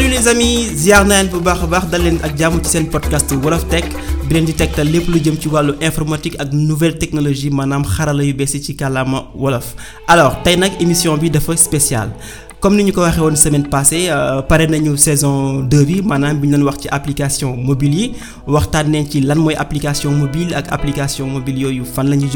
salut les amis ziar naa bu baax a baax dal leen ak jàmm ci seen podcast Wolof teg bi leen di tegtal lépp lu jëm ci wàllu informatique ak nouvelle technologie maanaam xarala yu bees yi ci kàllaama wolof alors tey nag émission bi dafa spéciale. comme ni ñu ko waxee woon semaine passée euh, pare nañu saison 2 yi maanaam bi ñu doon wax ci application mobile yi waxtaan nañ ci lan mooy application mobile ak application mobile yooyu fan la ñu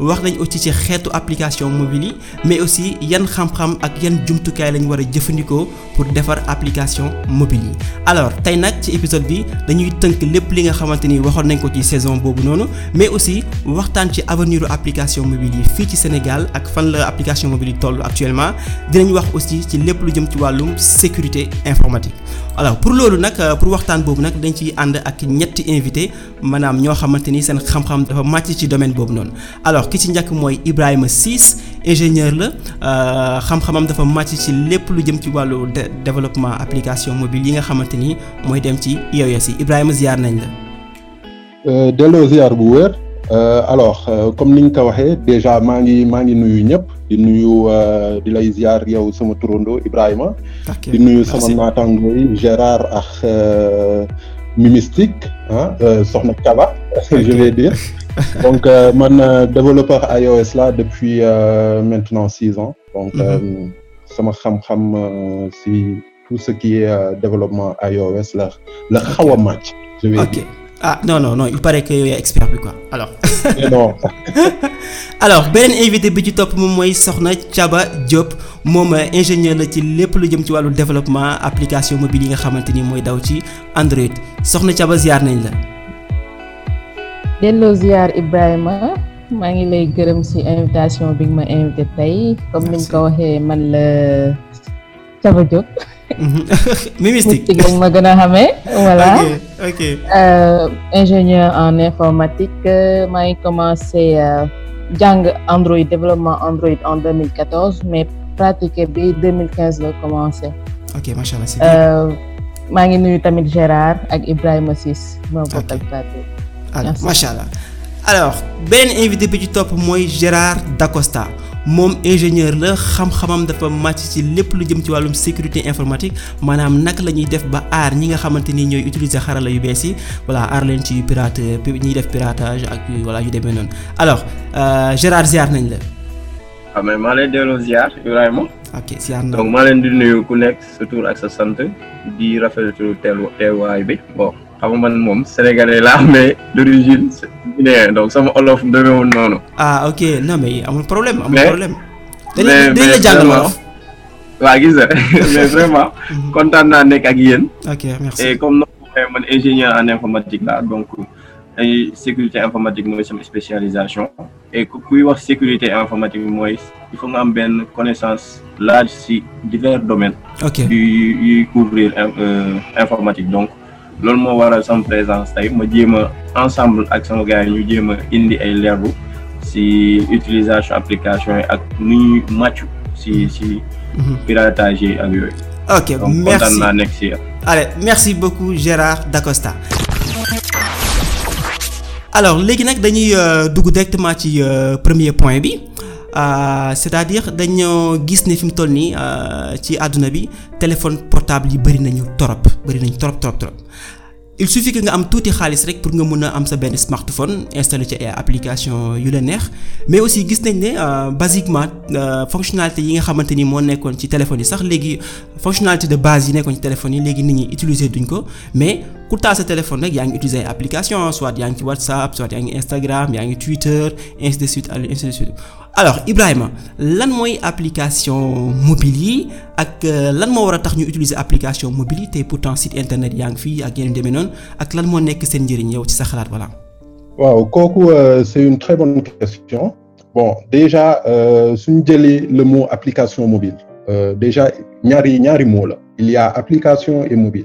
wax nañ aussi ci xeetu application mobile yi mais aussi yan xam-xam ak yan jumtukaay lañ war a jëfandikoo pour defar application mobile yi alors tey nag ci épisode bi dañuy tënk lépp li nga xamante ni waxoon nañ ko ci saison boobu noonu mais aussi waxtaan ci avenir application mobile yi fii ci Sénégal ak fan la application mobile toll actuellement ci ci lépp lu jëm ci wàllu sécurité informatique alors pour loolu nag euh, pour waxtaan boobu nag dañ ciy ànd ak ñetti invité maanaam ñoo xamante ni seen xam-xam dafa màcc ci domaine boobu noonu alors ki ci njëkk mooy Ibrahima Ciss ingénieur la euh, xam-xamam dafa màcc ci lépp lu jëm ci wàllu de développement application mobile yi nga xamante ni mooy dem ci iOS yi Ibrahima ziar nañ la. Euh, delloo ziar bu wér alors comme ni ñu ko waxee déjà maa ngi maa ngi nuyu di nuyu euh, di lay ziar yow sama turando Ibrahima. di nuyu sama naataango yi Gérard ak euh, Mimistique ah Soxna Kaba. je vais dire donc euh, man développeur iOS là depuis maintenant six ans. donc mhm. sama xam-xam si tout ce qui est développement iOS la la xaw ah non non non il paraît que yow yaay expert bi quoi alors. non. invité bi ci topp moom mooy Soxna caba Diop moom euh, ingénieur la ci lépp lu jëm ci wàllu développement application mobile yi nga xamante ni mooy daw ci Android Soxna Thiaba ziar nañ la. delloo ziar Ibrahima maa ngi lay gërëm ci invitation bi nga ma invité tey comme ni nga ko waxee man la Thiaba Diop. mystique moom ma gën a xamee. voilà euh, ingénieur en informatique euh, maa ngi commencé euh, jàng Android développement Android en 2014 mais pratiquer bi la commencé. ok maa ngi nuyu tamit Gérard ak Ibrahima Ciss. ma bokkal pratique. alors ah, macha allah alors benn invité bi ci topp mooy Gérard Dacosta. moom ingénieur la xam-xamam dafa màcc ci lépp lu jëm ci wàllum sécurité informatique maanaam nak la ñuy def ba aar ñi nga xamante ni ñooy utiliser xarala yu bees yi voilà aar leen ci pirate ñiy def piratage ak voilà yu demee noonu alors euh, Gérard ziar nañ la. waaw ah, maa lay delloo ziar Ibrahima. ok ziar na donc maa leen di nuyu ku nekk sa tur ak sa sant di rafetlu teewaay bi xam man moom sénégalais laa mais d'origine donc sama olof demeewul noonu. ah ok non mais amul problème amul problème. mais mais dañuy dañuy waa gis nga mais vraiment mhm. kontaan naa nekk ak yéen. ok merci et comme noo waxee man ingénieur en informatique laa donc ay sécurité informatique mooy sama spécialisation. et kuy wax sécurité informatique mooy il faut am benn connaissance large si divers domaines. ok yu yuy couvrir euh, informatique donc. loolu moo waral sama présence tey ma jéema a ensemble ak sama gars ñu jéem a indi ay leerlu si utilisation application yi ak nu ñuy màccu si si. Mhm. piratage yi ak yooyu. ok merci donc kontaan naa nekk si allez merci beaucoup Gérard Dacosta. alors léegi nag dañuy euh, dugg directement ci euh, premier point bi. Euh, c'est-à-dire dañoo gis ne fi mu toll nii euh, ci àdduna bi téléphone portable yi bari nañu torop bari nañu torop torop torop il suffit que nga am tuuti xaalis rek pour nga mën a am sa benn smartphone installé ci ay application yu la neex mais aussi gis nañ ne euh, basiquement fonctionnalité yi nga xamante ni moo nekkoon ci téléphone yi sax léegi fonctionnalité de base yi nekkoon ci téléphone yi léegi nit ñi utiliser duñ ko mais ku taal sa téléphone rek yaa ngi utiliser ay application soit yaa yaa ngi Instagram yaa ngi Twitter ainsi de suite ainsi de alors Ibrahima lan mooy application mobile yi ak euh, lan moo war a tax ñu utiliser application mobile yi te pourtant site internet yaa ngi fii ak yeneen demee noonu ak lan moo nekk seen njëriñ yow ci sa xalaat voilà. waaw kooku euh, c'est une très bonne question bon déjà euh, suñu jëlee le mot application mobile euh, déjà ñaari ñaari mot la il y application et mobile.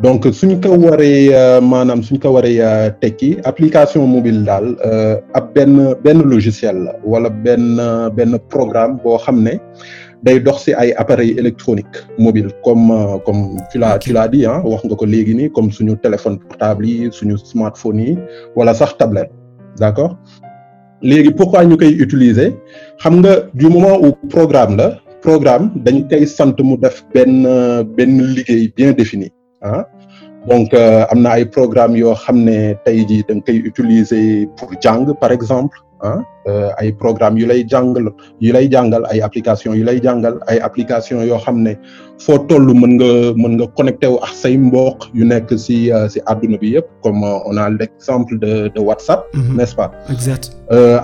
donc suñ ko waree euh, maanaam suñ ko waree euh, tekki application mobile daal euh, ab benn benn logiciel la wala benn benn programme boo xam ne day dox ci ay appareils électroniques mobiles comme comme tu l'as tu wax nga ko léegi nii comme suñu téléphone portable yi suñu smartphone yi wala sax tablette d'accord léegi pourquoi ñu koy utiliser xam nga du moment où programme la programme dañ koy sant mu def benn benn liggéey bien défini ah donc euh, am na ay programmes yoo xam ne tey jii da koy utiliser pour jàng par exemple ah ay programme yu lay jàngal yu lay jàngal ay application yu lay jàngal ay application yoo xam ne foo toll mën nga mën nga connecté wu ak say mbokk yu nekk si euh, si àdduna bi yëpp comme euh, on a l'exemple de de WhatsApp mhm. n'est-ce pas exact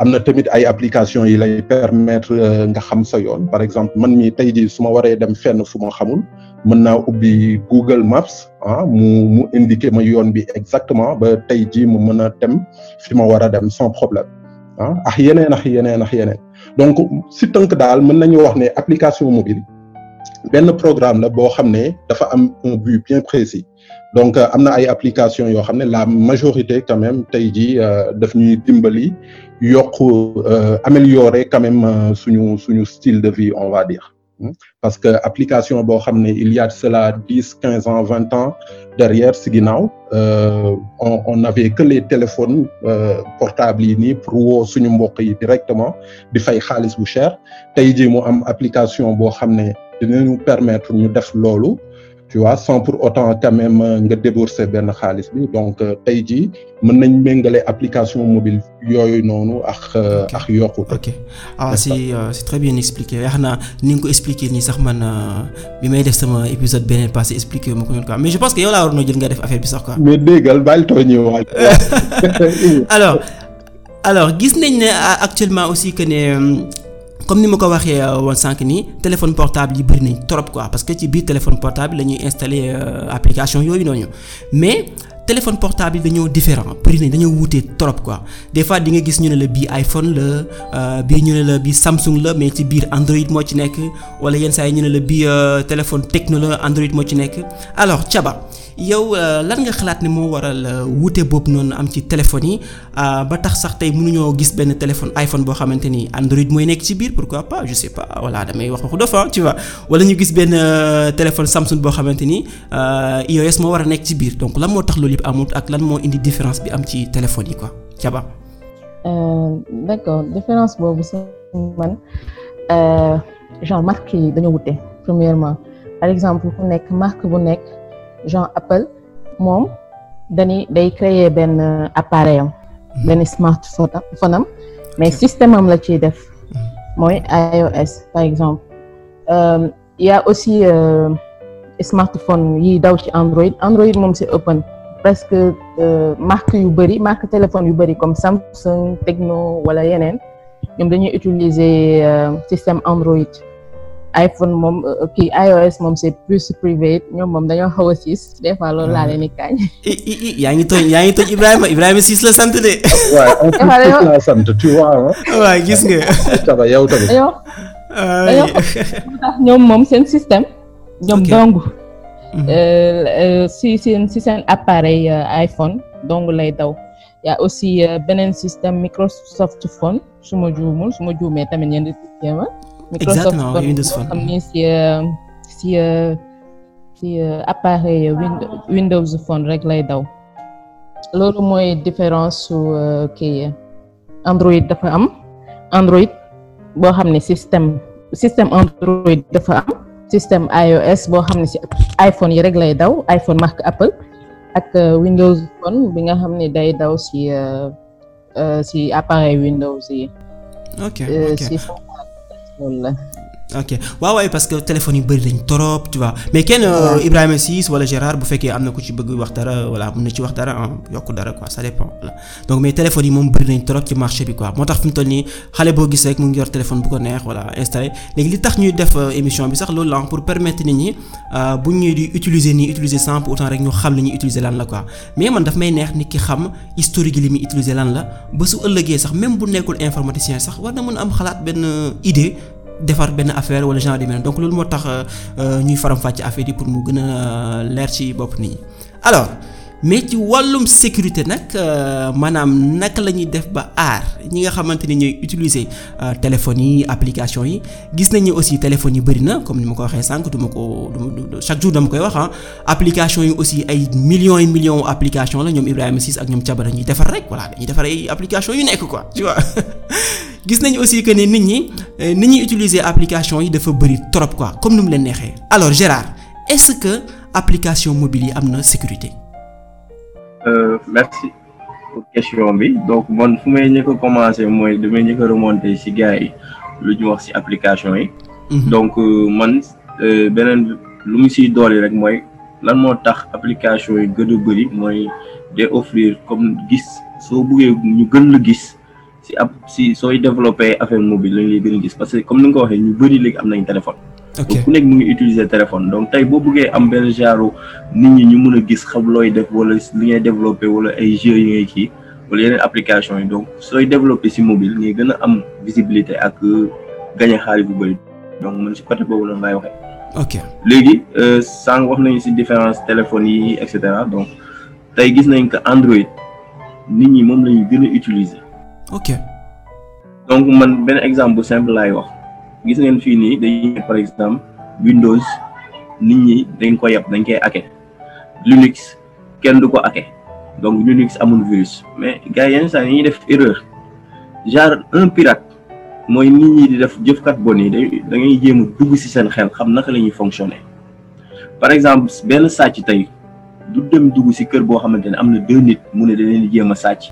am na tamit ay application yi lay permettre nga xam sa yoon par exemple man mi tey jii su ma waree dem fenn fu ma xamul mën naa ubbi Google Maps ah mu mu ma yoon bi exactement ba tey jii mu mën a dem fi ma war a dem sans problème ah yeneen ak yeneen ak yeneen donc si tënk daal mën nañu wax ne application mobile benn programme la boo xam ne dafa am un but bien précis donc euh, am na ay application yoo xam ne la majorité quand tey jii euh, daf ñuy dimbali yokk euh, améliorer quand même suñu suñu style de vie on va dire hmm? parce que application boo xam ne il y cela dix quinze ans vingt ans derrière si ginnaaw euh, on on avait que les téléphones euh, portables yi nii pour woo suñu mbokk yi directement di fay xaalis bu cher tey jii mu am application boo xam ne dinañu permettre ñu def loolu. tu vois sans pour autant quand même euh, nga débourser benn xaalis bi donc euh, tey jii mën nañ méngale application mobile yooyu noonu ak euh, ak yokku. ok ah c'est c'est très bien expliqué yaakaar naa ni nga ko expliqué nii sax man bi may def sama épisode beneen passé expliqué ma ko noonu quoi mais je pense que yow laa waroon jël nga def affaire bi sax quoi. mais déggal bàyyi tooñi waay. alors alors gis nañ ne actuellement aussi que ne. comme ni ma ko waxee euh, woon sànq nii téléphone portable yi bëri nañ trop quoi parce que ci biir téléphone portable la ñuy installer euh, application yooyu noonu mais téléphone portable yi dañoo différent bëri nañ dañoo wuute trop quoi des fois di nga gis ñu ne la bii iPhone la euh, bii ñu ne la bi Samsung la mais ci biir Android moo ci nekk wala yenn saa yi ñu ne la bii téléphone Tecno la Android moo ci nekk alors caba yow euh, lan nga xalaat ne moo waral euh, wute boobu noonu am ci téléphone yi euh, ba tax sax tey mënuñoo gis benn téléphone iPhone boo xamante ni Android mooy nekk ci biir pourquoi pas je sais pas voilà damay wax waxu ah, wala ñu gis benn téléphone Samsung boo xamante ni iOS moo war a nekk ci biir donc lan moo tax loolu yëpp amut ak lan moo indi différence bi am ci téléphones yi ko Thiaba. d'accord différence boobu si man genre marque yi dañoo wute premièrement par Jean Apple moom dañuy day créer benn appareil am hmm. benn smartphone mais système am la ciy def hmm. mooy iOS par exemple euh, il y a aussi euh, smartphone yi daw ci Android Android moom si open presque euh, marque yu bëri marque téléphone yu bëri comme Samsung Tecno wala yeneen ñoom dañuy utiliser euh, système Android iPhone moom euh, kii iOS moom c'est plus privé ñoom moom dañoo xaw a siis des fois loolu laa ah. leen di yaa ngi tooñ yaa ngi tooñ Ibrahima Ibrahima siis la sant de. sant tu vois. waaw gis nga. yow tamit yow. dañoo tax ñoom moom seen système. ñoom dong. Mhm. Euh, euh, si seen si seen appareil iPhone dong lay daw. yaa aussi beneen système Microsoft Phone su ma juumul su ma juumee tamit ñeenti jéem Microsoft exactement Windows Phone xam ne si si appareil Windows Phone rek lay daw loolu mooy différence su euh, kii Android dafa am Android boo xam ne système système Android dafa am système iOS boo xam ne si iPhone yi rek lay daw iPhone marque Apple ak euh, Windows Phone bi nga xam ni day daw si euh, si appareil Windows yi. loolu waaw waaye parce téléphone yu bëri lañ trop tu vois mais kenn euh, Ibrahima Ciss wala Gérard bu fekkee am na ku ci bëgg wax dara voilà mën na ci wax dara yokk dara quoi ça dépend voilà donc mais téléphone yi moom bëri nañ trop ci marché bi quoi moo tax fi toll nii xale boo gis rek mu ngi yor téléphone bu ko neex voilà installé léegi li tax ñuy def euh, émission bi sax loolu la pour permettre nit euh, bu ñuy di utiliser nii utiliser sans pour rek ñu xam li defar benn affaire wala genre yu mel donc loolu moo tax euh, ñuy faram fàcc affaire yi pour mu gën a euh, leer ci bopp nit ñi alors mais ci wàllum sécurité nag euh, maanaam naka la ñuy def ba aar ñi nga xamante ni ñooy utiliser téléphones yi applications yi gis nañu aussi téléphones yi bëri na comme ni ma ko waxee sànq du ko du chaque jour dama koy wax ah yi aussi ay millions et million applications la ñoom Ibrahima sis ak ñoom Thiaba dañuy defar rek voilà dañuy defar ay applications nekk quoi tu vois Euh, ni ñuy utiliser application yi dafa bëri trop quoi comme ni mu leen neexee alors Gérard est-ce que application mobile yi am na sécurité. Euh, merci pour question bi donc man fu may njëkk a commencer mooy damay njëkk a remonter ci gars yi lu ñu wax ci application yi. Mhm. donc euh, man euh, beneen lu mu ciy doole rek mooy lan moo tax application yi gën a bëri mooy day offrir comme gis soo bëggee ñu gën la gis. si ab si sooy développé affaire mobile lañ lay gën a gis parce que comme ni nga ko waxee ñu bëri léegi am nañ téléphone. donc ku nekk mu ngi utiliser téléphone donc tey boo bëggee am benn genre ñi ñu mën a gis xam looy def wala li ngay développé wala ay jeux yi ngay kii wala yeneen application yi donc sooy développé si mobile ngay gën am visibilité ak euh, gagné xaalis bu bëri donc man si côté boobu la ngay waxee. ok léegi euh, sànq wax nañu si différence téléphones yi et cetera donc tey gis nañ que Android nit ñi moom la ñu utiliser. ok. donc man benn exemple bu simple laay wax gis ngeen fii nii dañuy par exemple Windows nit ñi dañ ko yeb dañ koy ake Linux kenn du ko ake donc Linux amul virus mais gars yenn saa yi ñuy def erreur genre un pirate mooy nit ñi di def jëfkat bon yi da ngay jéem a dugg ci seen xel xam naka la ñuy fonctionner par exemple benn sàcc tey du dem dugg ci kër boo xamante ne am na deux nit mu ne da leen di jéem a sàcc.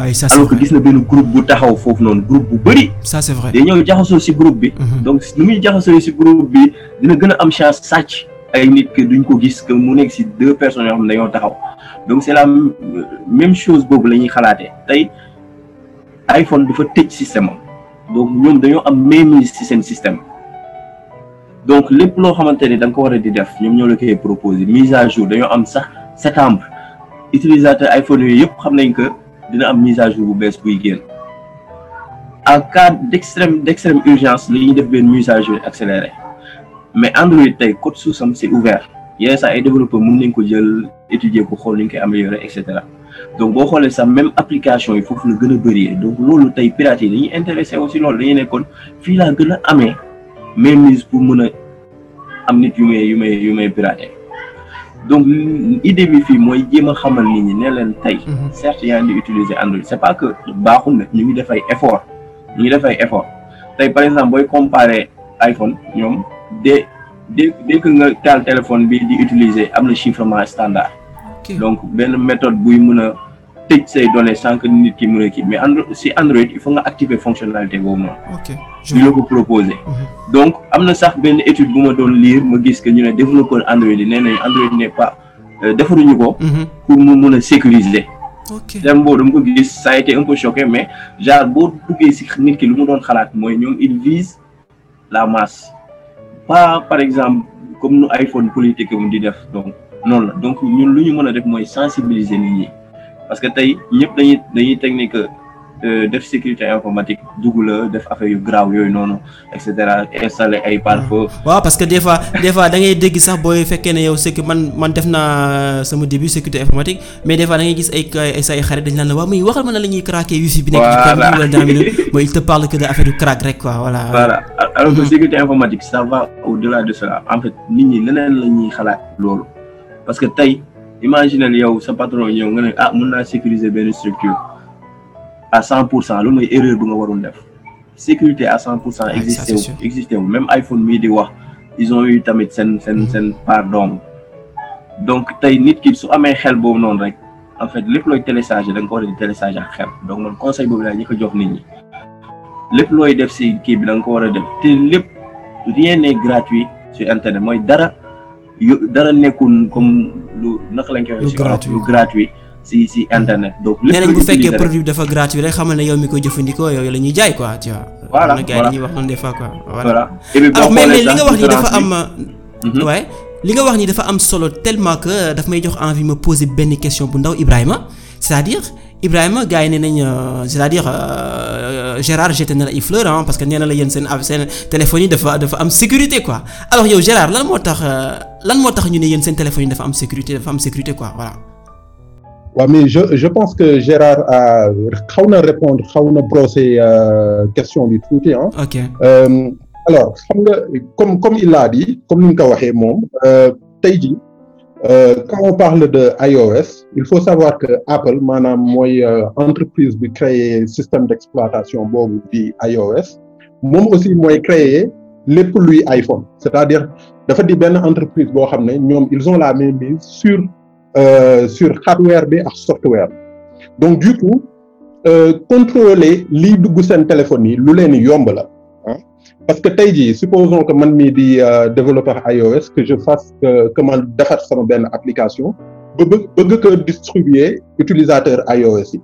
waaye ça alors gis na benn groupe bu taxaw foofu noonu group bu bëri. ça jaxasoo si groupe bi. Mhm. donc nu muy jaxasoo si groupe bi dina gën am chance sàcc ay nit que duñ ko gis que mu nekk ci deux personnes yoo xam ne taxaw donc c'est la même chose boobu la ñuy xalaatee tey iPhone dafa tëj système am donc ñoom dañoo am mainmise si seen système. donc lépp loo xamante ni da nga ko war a di def ñoom ñoo la koy proposé mise à jour dañoo am sax septembre utilisateur iPhone yooyu yëpp xam nañ dina am mise à bu bees bu génn en cas d' extrême d' extrême urgence li def benn mise à jour accéléré mais Android tey code source am c' est ouvert yenn saa ay développeur mën nañ ko jël étudier ko xool ni ñu koy améliorer et cetera donc boo xoolee sax même application yi foofu la gën a bëri donc loolu tey pirates yi dañuy intéressé aussi loolu dañuy nekkoon fii laa gën a amee mainmise pour mën a am nit yu may yu may yu may piraté donc idée bi fii mooy jéem a xamal nit ñi ne leen tey. Mhm. certes yaa ngi di utiliser Android c'est pas que baaxul na ñu ngi def ay effort ñu ngi def ay effort tay par exemple booy comparer iPhone ñoom dès dès dès nga taal téléphone bi di utiliser am na chiffrement standard. donc benn méthode buy mën a tëj say données sans que nit ki mën a kii mais Android si Android il faut nga activer fonctionnalité boobu di la ko proposer. Mhm. donc am na sax benn étude bu ma doon liir ma gis que ñu ne defuñu ko Android yi nee nañ Android n'est pas euh, defaruñu ko. Mhm. pour mu mun a sécuriser. ok thème boobu dama ko gis ça a été un peu choqué mais genre boo duggee si nit ki lu mu doon xalaat mooy ñoom il vise la masse pas par exemple comme nu iPhone politique mu di def donc noonu la ñun lu ñu mën a def mooy sensibiliser nit ñi parce que tey ñëpp dañuy dañuy technique Euh, def sécurité informatique dugg la def affaire yu graaw yooyu noonu et cetera installer ay pare-feu. waaw parce que des fois des fois da ngay dégg sax booy fekkee ne yow man man def naa euh, sama début sécurité informatique mais des fois da ngay gis ay ay say xarit dañ naan la waaw muy waxal ma ne la ñuy craquer bi nekk ci kàddu wala daa mooy il te parle que de affaire yu crack rek quoi voilà. voilà mm-hmm. sécurité informatique ça au-delà de cela en fait nit ñi leneen la ñuy xalaat loolu parce à cent pour cent loolu mooy erreur bu nga warul def sécurité à cent pour cent existé wu existé wu même iPhone mii di wax ils ont tamit seen seen mm-hmm. seen pardon donc tey nit ki su amee xel boobu noonu rek en fait lép looy télécharger da nga ko war a di télécharger ak xel donc man conseil boobu laa ñu ko jox nit ñi lépp looy def si kii bi da nga ko war a def te lépp rien n'est gratuit sur internet mooy dara yu dara nekkul comme lu naka lañ koy waxee lu gratuit si si internet. donc lépp bu fekkee produit dafa gratuit rek xamal ne yow mi ko jëfandikoo yow la ñuy jaay quoi tu vois. voilà voilà gars yi ñuy wax noonu des fois quoi. voilà alors li nga wax ni dafa am. waaye mhm. li nga wax ni dafa am solo tellement que daf may jox envie ma poser benn question bu ndaw Ibrahima c'est-à-dire. Ibrahima gars yi nee nañ euh, c'est-à-dire euh, euh Gérard na la ay fleur parce que nee na la yéen seen seen téléphone yi dafa dafa am sécurité quoi alors yow Gérard lan moo tax euh, lan moo tax ñu ne yéen seen téléphone dafa am sécurité dafa sécurité quoi voilà. waa mais je je pense que Gérard a xaw na répondre xaw na brosser euh, question bi tuuti ah. alors xam nga comme comme il l'a dit comme ni mu ko waxee moom euh, tey jii quand on parle de iOS il faut savoir que Apple maanaam mooy entreprise bi créer système d'exploitation boobu di iOS moom aussi mooy créer lépp luy iPhone c'est-à-dire dafa di benn entreprise boo xam ne ñoom ils ont la main mise sur. euh, sur hardware bi ak software bi donc du coup euh, contrôler dugg seen téléphone yi lu leen yomb la parce que tey jii supposons que man mii di euh, développeur iOS que je fasse euh, que man defar sama benn application ba bëgg distribuer utilisateur iOS yi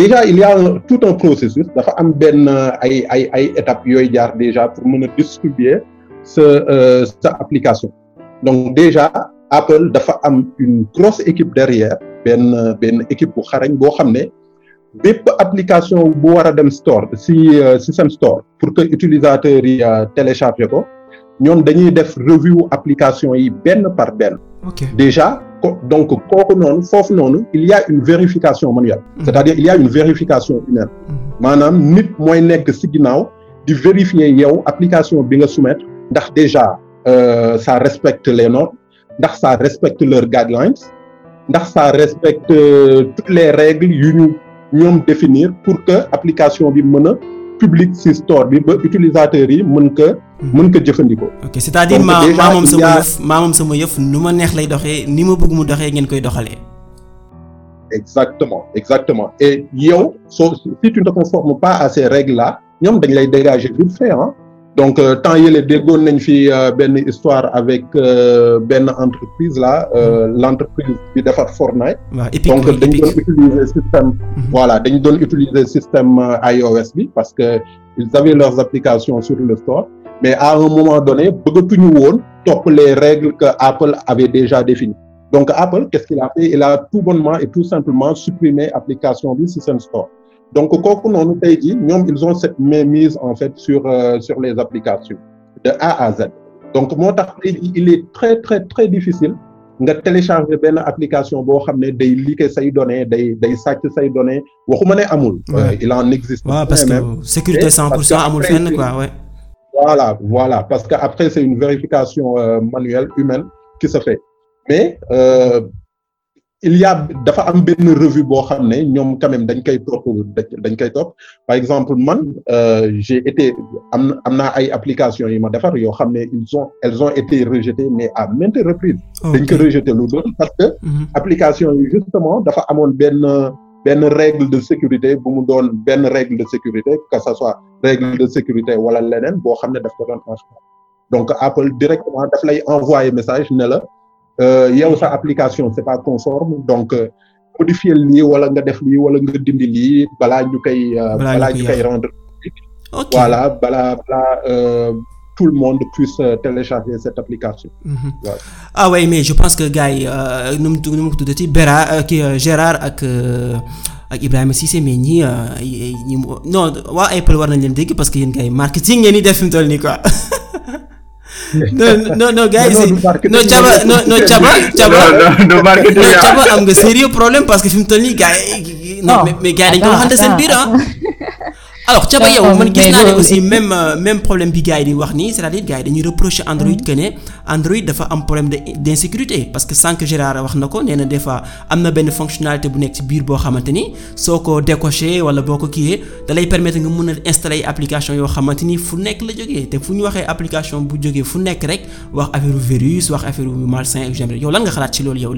déjà il y tout un processus dafa am benn euh, ay ay ay étapes yooyu jaar déjà pour mën a distribuer sa sa application donc déjà Apple dafa am une grosse équipe derrière benn benn équipe bu xarañ boo xam ne bépp application bu war a dem store si euh, système store pour que utilisateur yi euh, télécharger ko ñoon dañuy def review application yi benn par benn. déjà donc kooku noonu foofu noonu il y une vérification manuelle. Mm-hmm. c'est-à-dire il y une vérification humaine. Mm-hmm. maanaam nit mooy nekk si ginnaaw di vérifier yow application bi nga soumettre ndax déjà sa euh, respecte le normes. ndax ça respecte leurs guidelines ndax sa respecte euh, toutes les règles yu ñu ñoom définir pour que application bi mën a public si store bi ba utilisateur yi mën ko hmm. mën ko jëfandikoo. ok c'est-à-dire moom sama yëf maa sama yëf nu ma neex lay doxee ni ma bëgg mu doxee ngeen koy doxalee. exactement exactement et yow soo si tu ne te conformes pas à ces règles là ñoom dañ lay dégager vite fait ah. donc euh, temps yële déggoon nañ fi euh, benn histoire avec euh, benn entreprise là mhm. l'entreprise bi defar Fortnite donc dañ doon utiliser système mhm. voilà dañ doon utiliser système iOS bi parce que ils avaient leurs applications sur le store mais à un moment donné bëggatuñu woon topp les règles que Apple avait déjà définies donc Apple qu'est-ce qu'il a fait il a tout bonnement et tout simplement supprimé application bi ci seen store donc kooku noonu tey jii ñoom ils ont cette mise en fait euh, sur les applications de A à Z donc moo tax il est très très très difficile nga télécharger benn application boo xam ne day liquer say données day day sàcc say données waxuma ne amul. Euh, il en existe. waaw ouais, parce que sécurité 100 pour cent amul fenn voilà parce que après c'est une vérification euh, manuelle humaine qui se fait mais. Euh, il y dafa am benn revue boo xam ne ñoom quand même dañ koy topp dañ koy topp par exemple man euh, j'ai été am am naa ay applications yi ma defar yoo xam ne ils ont elles ont été rejetées mais à maintes reprises dañ ko rejeté lu doon parce que mm-hmm. application yi justement dafa amoon benn benn règle de sécurité bu mu doon benn règle de sécurité que ça soit règle de sécurité wala leneen boo xam ne daf ko doon donc Apple directement daf lay envoyer message ne la Euh, yow sa application c'est pas conforme donc euh, modifier lii wala nga def lii wala nga dindi lii balaa ñu koy. Euh, balaa ñu koy rendre. ok voilà le monde puisse télécharger cette application. waaw mhm. ah ouais mais je pense que gars yi nu mu nu mu tuddati Béra kii Gérard ak ak Ibrahima Cissé mais ñii ñi non waa Apple war nañ leen dégg parce que yéen gars yi marketing ngeen di def mu toll nii quoi. non non non gars yi non caba non caba caba non caba am nga sérieux problème parce que fi mu toll nii gars yi non mais gars yi alors Thiaba yow man gis naa ne aussi même euh, même problème bi gars yi di wax nii c'est-à-dire dañuy reprocher Android mm. que Android dafa am problème de d'insécurité parce que sànq Gérard wax na ko nee na des fois am na benn fonctionnalité bu nekk ci biir boo xamante ni soo ko décoché wala boo ko kiiyee da lay permettre nga mën a installer application yoo xamante ni fu nekk la jógee te fu ñu waxee application bu jógee fu nekk rek wax affaire virus wax affaire malsain ak genre yow lan nga xalaat ci loolu yow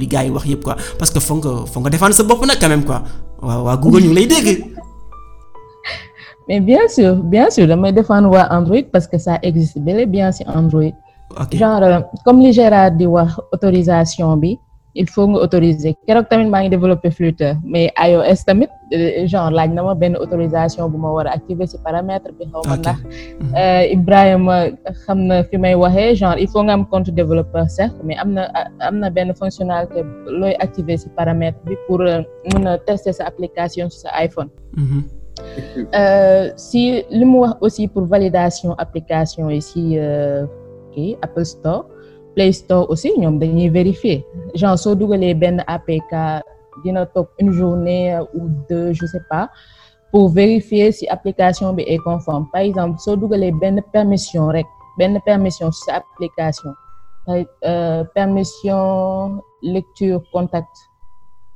li mais bien sûr bien sûr damay défendre waa Android parce que ça existe bel et bien si Android. Okay. genre euh, comme li di wax autorisation bi il faut nga autoriser keroog tamit maa ngi développer Flutter mais ayo iOS tamit euh, genre laaj na ma benn autorisation bu ma war a activer ci paramètre bi. xaw ma ndax mhm. euh, Ibrahima xam na fi may waxee genre il faut nga am compte développeur sax mais am na am na benn fonctionnalité looy activer ci paramètre bi pour mën a tester sa application sa iPhone. mm Euh, si li mu wax aussi pour validation application yi si euh, kii Apple Store Play Store aussi ñoom dañuy vérifier genre soo dugalee benn APK dina toog une journée ou deux je sais pas pour vérifier si application bi est conforme par exemple soo dugalee benn permission rek benn permission si application euh, permission lecture contact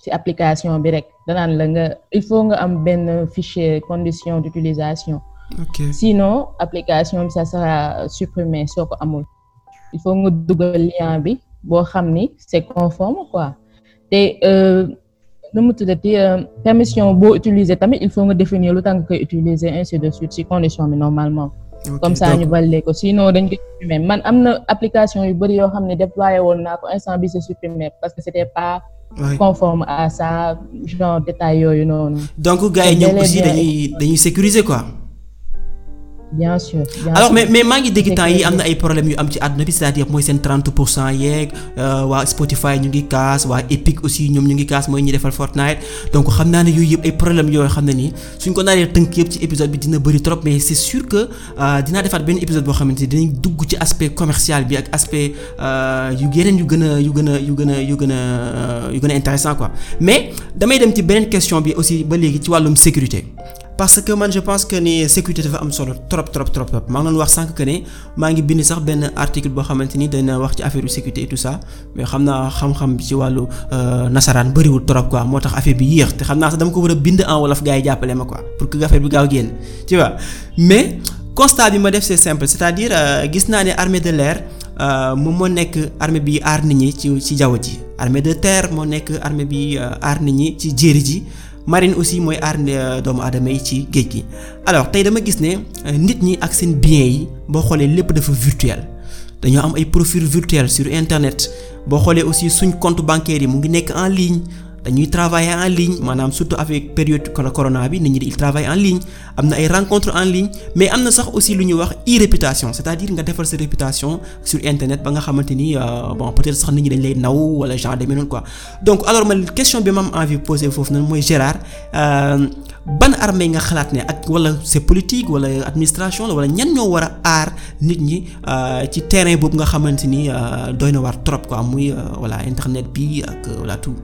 ci application bi rek danaan la nga il faut nga am benn fichier condition d'utilisation ok sinon application bi sa sera supprimé soo ko amul il faut nga dugal lien bi boo xam ni c'est conforme quoi te euh, nu mu tuddati euh, permission boo utiliser tamit il faut nga définir lu tax nga koy utiliser ainsi de suite si condition bi normalement okay, comme ça ñu validé ko sinon dañ ko supprimer man am na yu bëri yoo xam ne c'est supprimé pas oui. conforme à ça genre détail yooyu noonu. donc gars yi ñoom aussi dañuy dañuy sécuriser quoi. bien sûr. Bien mais maa ngi dégg temps yi am na ay problèmes yu am ci àdduna bi c'est-à-dire mooy seen 30 pour cent yeeg euh, waa Spotify ñu ngi kaas waa Epic aussi ñoom ñu ngi kaas mooy ñi defal Fortnite donc xam naa ne yooyu yëpp ay problèmes yoo xam ne nii suñ ko naanee tënk yëpp ci épisode bi dina bëri trop mais c'est sûr que euh, dinaa defaat benn épisode boo xamante ni dinañ dugg ci aspect commercial bi ak aspect euh, yu yeneen yu gën a yu gën a yu gën a yu gën a yu gën a intéressant mais damay dem ci beneen question bi aussi ba léegi ci wàllum sécurité parce que man je pense que ni sécurité dafa am solo trop trop trop trop maa ngi doon wax sànq que ne maa ngi bind sax benn article boo xamante ni dana wax ci affaire sécurité et tout ça mais xam naa xam-xam bi ci wàllu euh, nasaraan bëriwul trop quoi moo tax affaire bi yéex te xam naa sax dama ko war a bind en wolof gars yi jàppale ma quoi pour que affaire bi gaaw génn mais constat bi ma def see simple c'est-à-dire euh, gis naa ne armée de l'air euh, moom moo nekk armée bi aar nit ñi ci ci jaww ji armée de terre moo nekk armée bi aar nit ñi ci jéeri ji marine aussi mooy aar euh, doomu aadama yi ci géej gi alors tey dama gis ne euh, nit ñi ak seen biens yi boo xoolee lépp dafa virtuel dañoo am ay profil virtuel sur internet boo xoolee aussi suñ compte bancaire yi mu ngi nekk en ligne dañuy travailler en ligne maanaam surtout avec période corona bi nit ñi il travaille en ligne am na ay rencontre en ligne mais am na sax aussi lu ñuy wax e-réputation c'est-à-dire nga defal sa réputation sur internet ba nga xamante ni euh, bon peut-être sax nit ñi dañ lay naw wala genre demee noonu quoi donc alors ma question bi ma am envie poser foofu na mooy Gérard euh, ban armée nga xalaat ne ak wala se politique wala administration la wala ñan ñoo war a aar nit ñi euh, ci terrain boobu nga xamante ni doy na war trop quoi muy voilà internet bi ak voilà tout.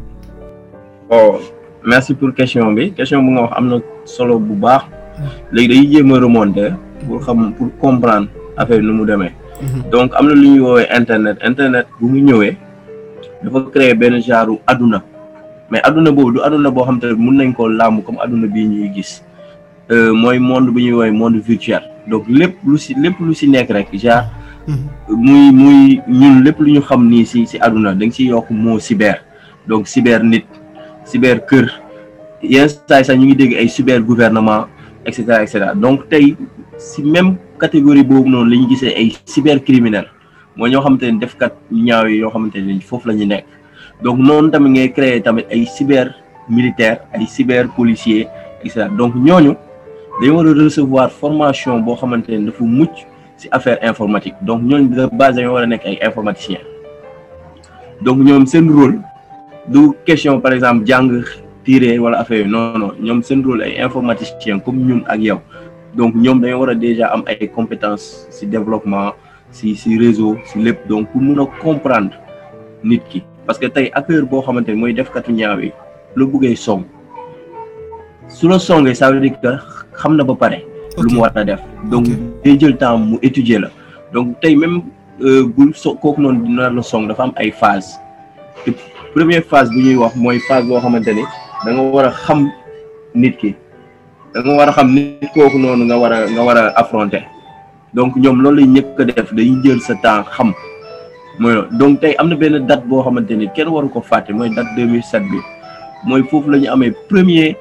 oh merci pour question bi question bu nga wax am na solo bu baax léegi dañuy jéem a remonter pour xam pour comprendre affaire nu mu demee mhm. donc am na lu ñuy woowee internet internet bu mu ñëwee dafa créer benn genre adduna mais adduna boobu du adduna boo xam te mun nañ koo làmb comme adduna bii ñuy gis euh, mooy monde bu ñuy woowee monde virtuel donc lépp lu si lépp lu si nekk rek genre mhm. muy muy ñun lépp lu ñu xam nii si si adduna dañ si yokk moo cyber donc cyber nit cyber kër yenn saa yi ñu ngi dégg ay cyber gouvernement et cetera et donc tey si même catégorie boobu noonu la ñu gisee ay cyber criminel mooy ñoo xamante ne defkat ñaaw yi yoo xamante ne foofu la ñu nekk donc noonu tamit ngay créer tamit ay cyber militaire ay cyber policier et donc ñooñu dañu war a recevoir formation boo xamante ne dafa mucc si affaire informatique donc ñooñu de nekk ay informaticien donc ñoom seen rôle du question par exemple jàng tiré wala affaire yooyu non non ñoom seen rôle ay informaticien comme ñun ak yow donc ñoom dañoo war a déjà am ay compétence si développement si ci réseau si lépp donc pour mun a comprendre nit ki parce que tey acteur boo xamante ne mooy defkatu ñaaw yi la bëggee song su la songee ça veut dire que xam na ba pare lu mu war a def donc day jël temps mu étudier la donc tey même euh, bu so kooku noonu dina la song dafa am ay phase te première phase bu ñuy wax mooy phase boo xamante ni da nga war a xam nit ki da nga war a xam nit kooku noonu nga war a nga war a affronter donc ñoom loolu lañ ñëkk def dañuy jël sa tàn xam mooy donc tey am na benn date boo xamante ni kenn waru ko fàtte mooy dat date 2007 bi mooy foofu la ñu amee premier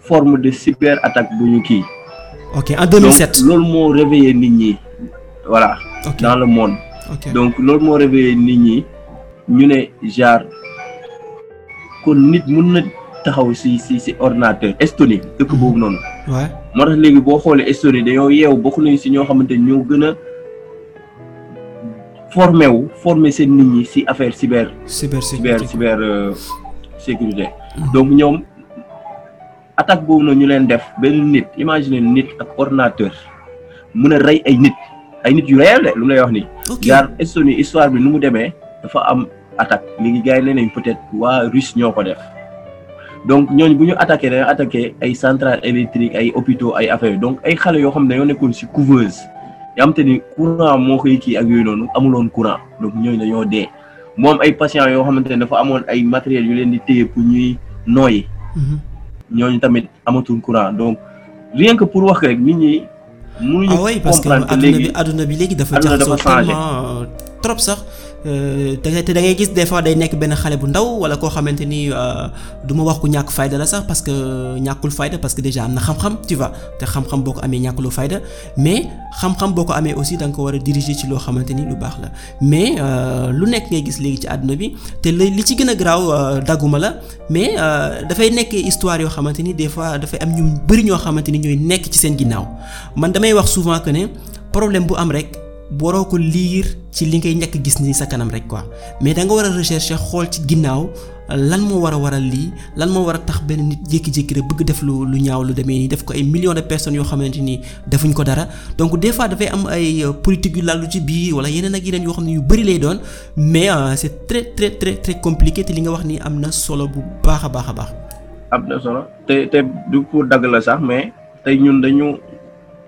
forme de cyber attaque bu ñu kii. ok en 2007 donc loolu moo réveillé nit ñi voilà. dans le monde. donc loolu moo réveillé nit ñi. ñu ne genre kon nit mën na taxaw si si ordinateur Estonie dëkk boobu noonu. waaw moo tax léegi boo xoolee Estonie dañoo yeew bokk nañu si ñoo xamante ni ñoo gën a formé wu formé seen nit ñi si affaire cyber. cyber cyber cyber euh, sécurité. Mm-hmm. donc ñoom attaque boobu noonu ñu leen def benn nit imagine nit ak ordinateur mun a rey ay nit ay nit yu réel de lu mu lay wax nii. ok genre Estonie histoire bi nu mu demee. dafa am attaque léegi gars yi nee nañ peut-être waa russe ñoo ko def donc ñooñ bu ñu attaqué dañoo attaqué ay centrales électriques ay hôpitaux ay affaires donc ay xale yoo xam ne dañoo nekkoon si couveuse yoo xam te ni courant moo koy kii ak yooyu noonu amuloon courant donc ñooñu dañoo dee mu ay patients yoo xamante ne dafa amoon ay matériels yu leen di téye pour ñuy nooyi. Mhm. ñooñu tamit amatul courant donc rien que pour wax rek nit ñi. mu ah comprendre que léegi ah adduna bi adduna bi léegi dafa. adduna dafa euh, sax. Euh, te da ngay gis des fois day nekk benn xale bu ndaw wala koo xamante ni euh, du ma wax ko ñàkk fayda la sax parce que ñàkkul fayda parce que déjà am na xam-xam tu vois te xam-xam boo ko amee ñàkkuloo fayda mais xam boo ko amee aussi da nga ko war a diriger ci loo xamante ni lu baax la mais euh, lu nekk ngay gis léegi ci àdduna bi te li ci gën a garaaw dagguma la mais dafay nekk histoire yoo xamante ni des fois dafay am ñu bëri ñoo xamante ni ñooy nekk ci seen ginnaaw man damay wax souvent que ne problème bu am rek. waroo ko liir ci li ngay njëkk gis ni sa kanam rek quoi mais da nga war a rechercher xool ci ginnaaw lan moo war a waral lii lan moo war a tax benn nit jékki-jékki rek bëgg def lu lu ñaaw lu demee nii def ko ay millions de personnes yoo xamante ni defuñ ko dara donc des fois dafay am ay euh, politique yu lalu ci biir wala yeneen ak yeneen yoo xam ne yu bëri lay doon mais euh, c'est très très très très compliqué te li nga wax ni am na solo bu baax a baax a baax. am na solo du pour dagg sax mais tey ñun dañu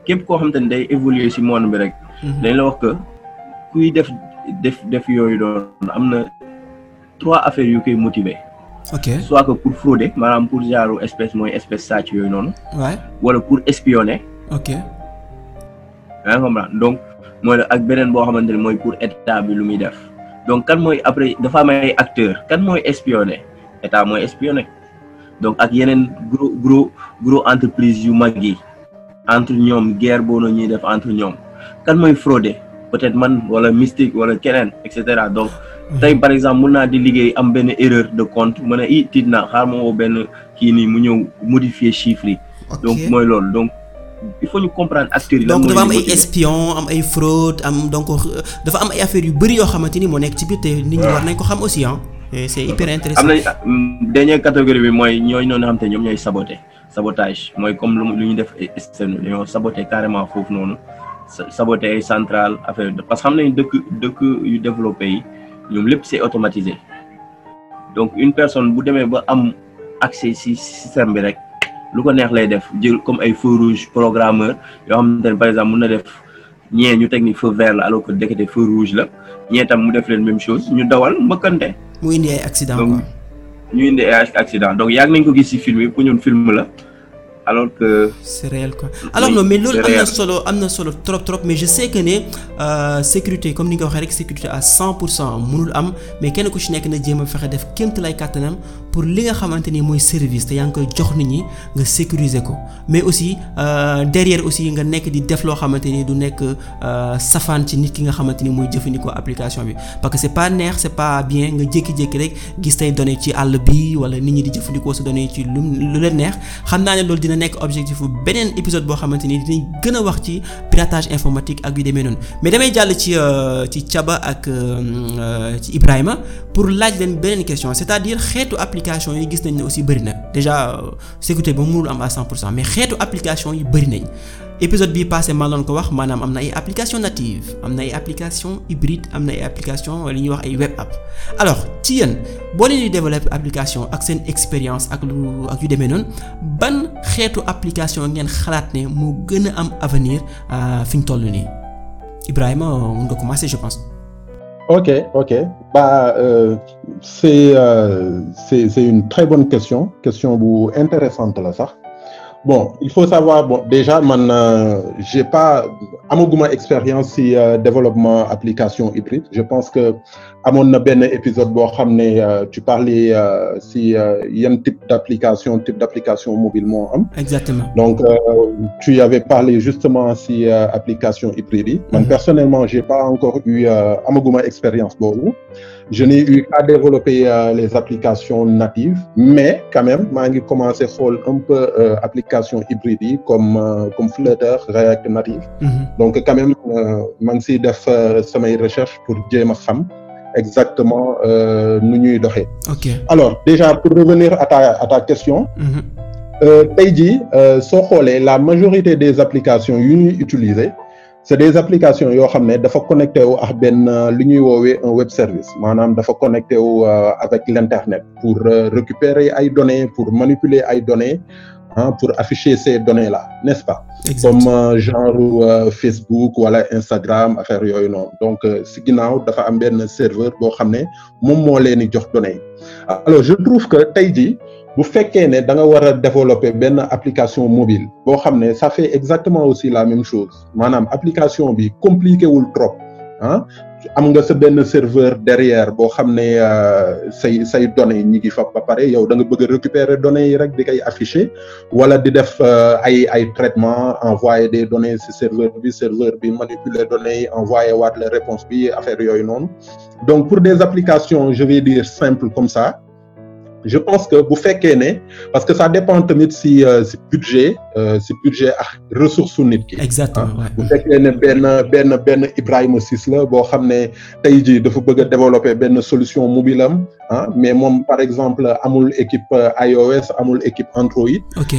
képp koo xamante ni day évoluer ci monde bi rek. Mhm. dañ la wax que kuy def def def yooyu doon am na trois affaires yu koy motiver. ok soit que pour frauder maanaam pour genre espèce mooy espèce sàcc yooyu noonu. waay wala pour espionner. ok. yaa donc mooy ak beneen boo xamante ne mooy pour état lu muy def donc kan mooy après dafa am ay acteurs kan mooy espionner état mooy espionner donc ak yeneen gros gros gros entreprise yu mag yi entre ñoom guerre boo ñuy def entre ñoom. kan mooy frauder peut-être man wala mystique wala keneen et cetera donc tey par exemple mun naa di liggéey am benn erreur de compte mën a tiit na xaar ma woo benn kii nii mu ñëw modifier chiffres yi donc mooy loolu donc il faut ñu comprendre acteurs yi dafa am ay espion am ay fraude am donc euh, dafa am ay affaires yu bëri yoo xamante ni moo nekk ci biir te nit ñi war nañ ko xam aussi ah c'est hyper intéressant am mm, na dernière catégorie bi mooy ñooy noonu xam te ñoom ñooy saboter sabotage mooy comme lu ñu def eh, externe dañoo carrément foofu noonu saboter ay centrale affaire parce que xam nañ dëkk dëkk yu développé yi ñoom lépp c'est automatisé donc une personne bu demee ba am accès ci système bi rek lu ko neex lay def jël comme ay feu rouge programmeur yoo xam ne par exemple mun na def ñee ñu teg ni feu la alors que ndekete feu rouge la ñeetam tam mu def leen même chose ñu dawal mbëkkante. mu indi ay accident quoi. ñu indi ay accident donc yàgg nañ ko gis ci film yi pour ñun film la. alors que. c'est réel quoi alors non mais loolu am na solo am na solo trop trop mais je sais que ne euh, sécurité comme ni nga waxee rek sécurité à cent pour cent mënul am mais kenn ku ci nekk na jéem a fexe def lay kàttanam pour li nga xamante ni mooy service te yaa ngi jox nit ñi nga sécuriser ko mais aussi euh, derrière aussi nga nekk di def loo xamante ni du nekk euh, safaan ci nit ki nga xamante ni mooy jëfandikoo application bi parce que c'est pas neex c'est pas bien nga jékki-jékki rek gis tey données ci àll bi wala nit ñi di jëfandikoo sa données ci lu lu leen neex xam naa ne loolu dina nekk objectif bu beneen épisode boo xamante ni dinañ gën a wax ci piratage informatique ak yu demee noonu mais damay jàll ci euh, ci Thiaba ak euh, ci Ibrahima pour laaj leen beneen question à dire xeetu application application yi gis nañ ne aussi bëri na déjà euh, sécurité bi mënul am à 100 pour cent mais xeetu application yi bëri nañ épisode bii passé maa loon ko wax maanaam am na ay application native am na ay application hybride am na ay application euh, li ñuy wax ay web app alors ci yéen boo leen di développer application ak seen expérience ak lu ak yu demee noonu ban xeetu application ngeen xalaat ne moo gën a am avenir euh, fi ñu toll nii Ibrahima mun nga commencer je pense Ok, ok. Bah, euh, c'est euh, une très bonne question, question bu intéressante la sax. bon il faut savoir bon déjà man euh, j'ai pas amaguma expérience si euh, développement application hybride je pense que amoon na benn épisode boo xam ne euh, tu parlais euh, si euh, yan type d'application type d'application mobile moo am exactement donc euh, tu avais parlé justement si application hybride yi man mm -hmm. personnellement j'ai pas encore eu amaguma expérience boobu je n'ai eu qu'à développer euh, les applications natives mais quand même maa ngi commencé xool un peu euh, application hybride yi comme euh, comme Flutter React mhm. donc quand même euh, maa ngi siy def euh, samay recherche pour jéem a xam exactement euh, nu ñuy doxee alors déjà pour revenir à ta question mm tey jii soo xoolee la majorité des applications yu ñuy utiliser c'est des applications yoo xam ne dafa connecté wu ak benn euh, lu ñuy woowee un web service maanaam dafa connecté wu euh, avec l'internet pour euh, récupérer ay données pour manipuler ay données hein, pour afficher ces données-là, n'est-ce pas Exactement. Comme euh, genre euh, Facebook wala Instagram affaire yooyu noonu donc euh, si ginnaaw dafa am benn serveur boo xam ne moom moo leen di jox données yi alors je trouve que tey jii bu fekkee ne danga nga war a développer benn application mobile boo xam ne ça fait exactement aussi la même chose maanaam application bi compliqué wul trop ah am nga sa benn serveur derrière boo xam ne euh, say say données ñi ngi fa ba pare yow da nga bëgg a récupérer données yi rek di koy afficher wala di def euh, ay ay traitement envoyer des données ci serveur bi serveur bi manipuler données yi envoyer waat les bi affaire yooyu noonu donc pour des applications je vais dire simple comme ça je pense que bu fekkee ne parce que ça dépend tamit si euh, si budget euh, si budget ak su nit ki. exactement ah, bu fekkee ne benn benn benn Ibrahima Ciss la boo xam ne tey jii dafa bëgg a benn solution mobile am ah, mais moom par exemple amul équipe euh, iOS amul équipe Android.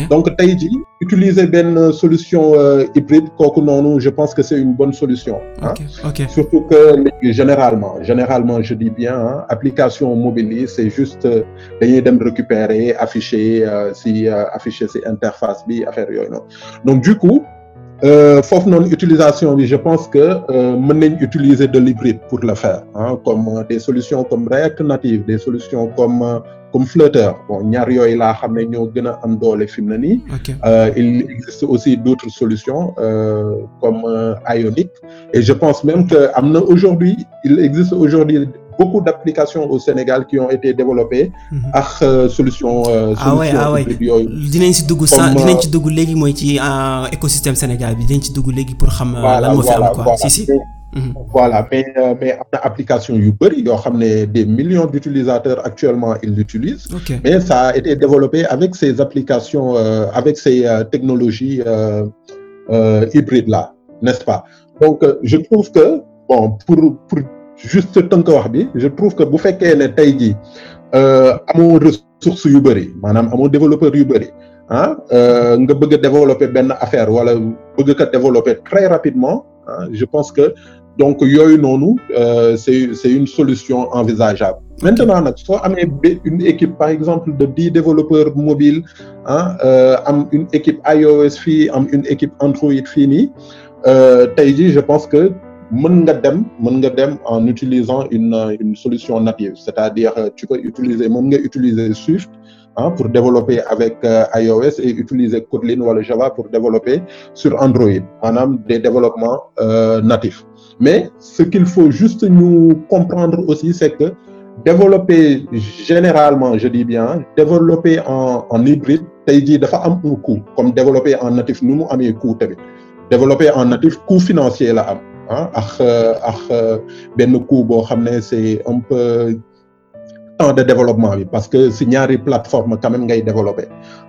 donc tey jii utiliser benn solution hybride kooku noonu je pense que c'est une bonne solution. Ah. ok surtout que léegi généralement généralement je dis bien application mobile c'est juste dañuy dem récupérer afficher euh, euh, si interface bi affaire yooyu noonu donc du coup euh, foofu noonu utilisation bi je pense que mën nañ utiliser de l'hybride pour le faire hein, comme des solutions comme React Native des solutions comme comme Flutter bon ñaar yooyu laa xam ne ñoo gën a am doole fi mu ne ni il existe aussi d'autres solutions comme Ionic et je pense même que am na aujourd'hui il existe aujourd'hui beaucoup d'applications au Sénégal qui ont été développées. Mhm. ak euh, euh, ah solution. ah oui ah oui dinañ si dugg sa dinañ euh, ci dugg léegi mooy ci écosystème Sénégal bi dinañ ci dugg léegi pour xam. lan moo am quoi si si. Mhm. voilà mais application yu bëri yoo xam ne des millions d'utilisateurs actuellement ils l'utilisent mais ça a été développé avec ces applications euh, avec ces euh, technologies hybrides là n'est-ce pas donc je trouve que pour juste tënk wax bi je trouve que bu fekkee ne tey jii euh, amoo ressource yu bëri maanaam amoo développeur yu bëri ah euh, nga bëgg a benn affaire wala bëgg ka développer très rapidement ah, je pense que donc yooyu noonu euh, c'est c'est une solution envisageable maintenant nag soo amee une équipe par exemple de dix développeurs mobiles ah am une équipe iOS fii am une équipe Android fii nii tey jii je pense que mën nga dem mën nga dem en utilisant une une solution native c'est-à-dire euh, tu peux utiliser mën nga utiliser Swift ah pour développer avec euh, iOS et utiliser Kotlin wala Java pour développer sur Android maanaam des développement euh, natifs mais ce qu'il faut juste ñu comprendre aussi c'est que développer généralement je dis bien développer en en hybride tey jii dafa am un coût comme développer en natif nu mu amee coût tamit développer en natif coût financier la am. ah ak euh, ak euh, benn coût boo xam ne c'est un peu temps de développement bi parce que si ñaari plateforme quand même ngay développé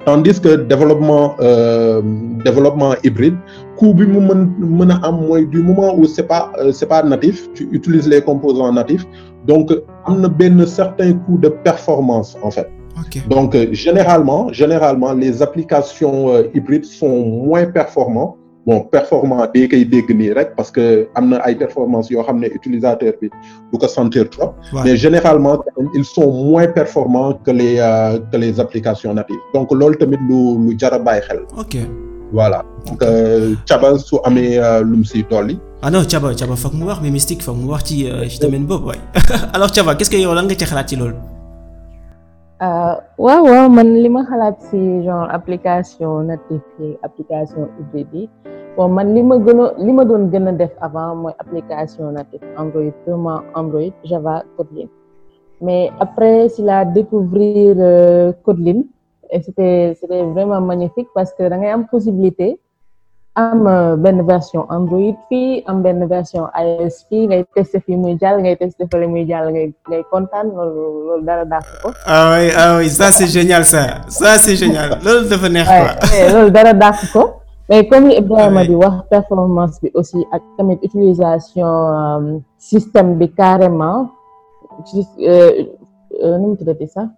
tandis que développement euh, développement hybride coût bi mu mën mën a am mooy du moment où c'est pas euh, c'est pas natif tu utilises les composants natifs donc am na benn certain coût de performance en fait Okay. Donc euh, généralement généralement les applications euh, hybrides sont moins performantes bon performant day koy dégg nii rek parce que am na ay performance yoo xam ne utilisateur bi du ko sentir trop ouais. mais généralement ils sont moins performants que les euh, que applications natives donc loolu tamit lu lu jar a bàyyi xel ok voilà donc euh, su amee euh, lu mu si dolli ah non Thiaba Thiaba mu wax mais mystique foog mu wax ci euh, ci domaine boobu waay alors qu'est-ce que yow lan nga ci xalaat ci loolu waaw euh, waaw man li ma xalaat si genre application natif yi application hybride bon man li ma gën a li ma doon gën a def avant mooy application natif Android purement Android Java Kotlin mais aprè si la découvrir euh, Kotlin et c'était c'était vraiment magnifique parce que da ngay am possibilité am euh, benn version Android fii am benn version iOS fii ngay testé fii muy jàll ngay testé fële muy jàll ngay kontaan loolu loolu dara dàq ko. ah oui ah oui ça c'est génial ça ça c'est génial loolu dafa neex quoi. loolu dara dàq ko mais comme li Ibrahima di wax performance bi aussi ak tamit utilisation euh, système bi carrément ci euh, nu mu sax.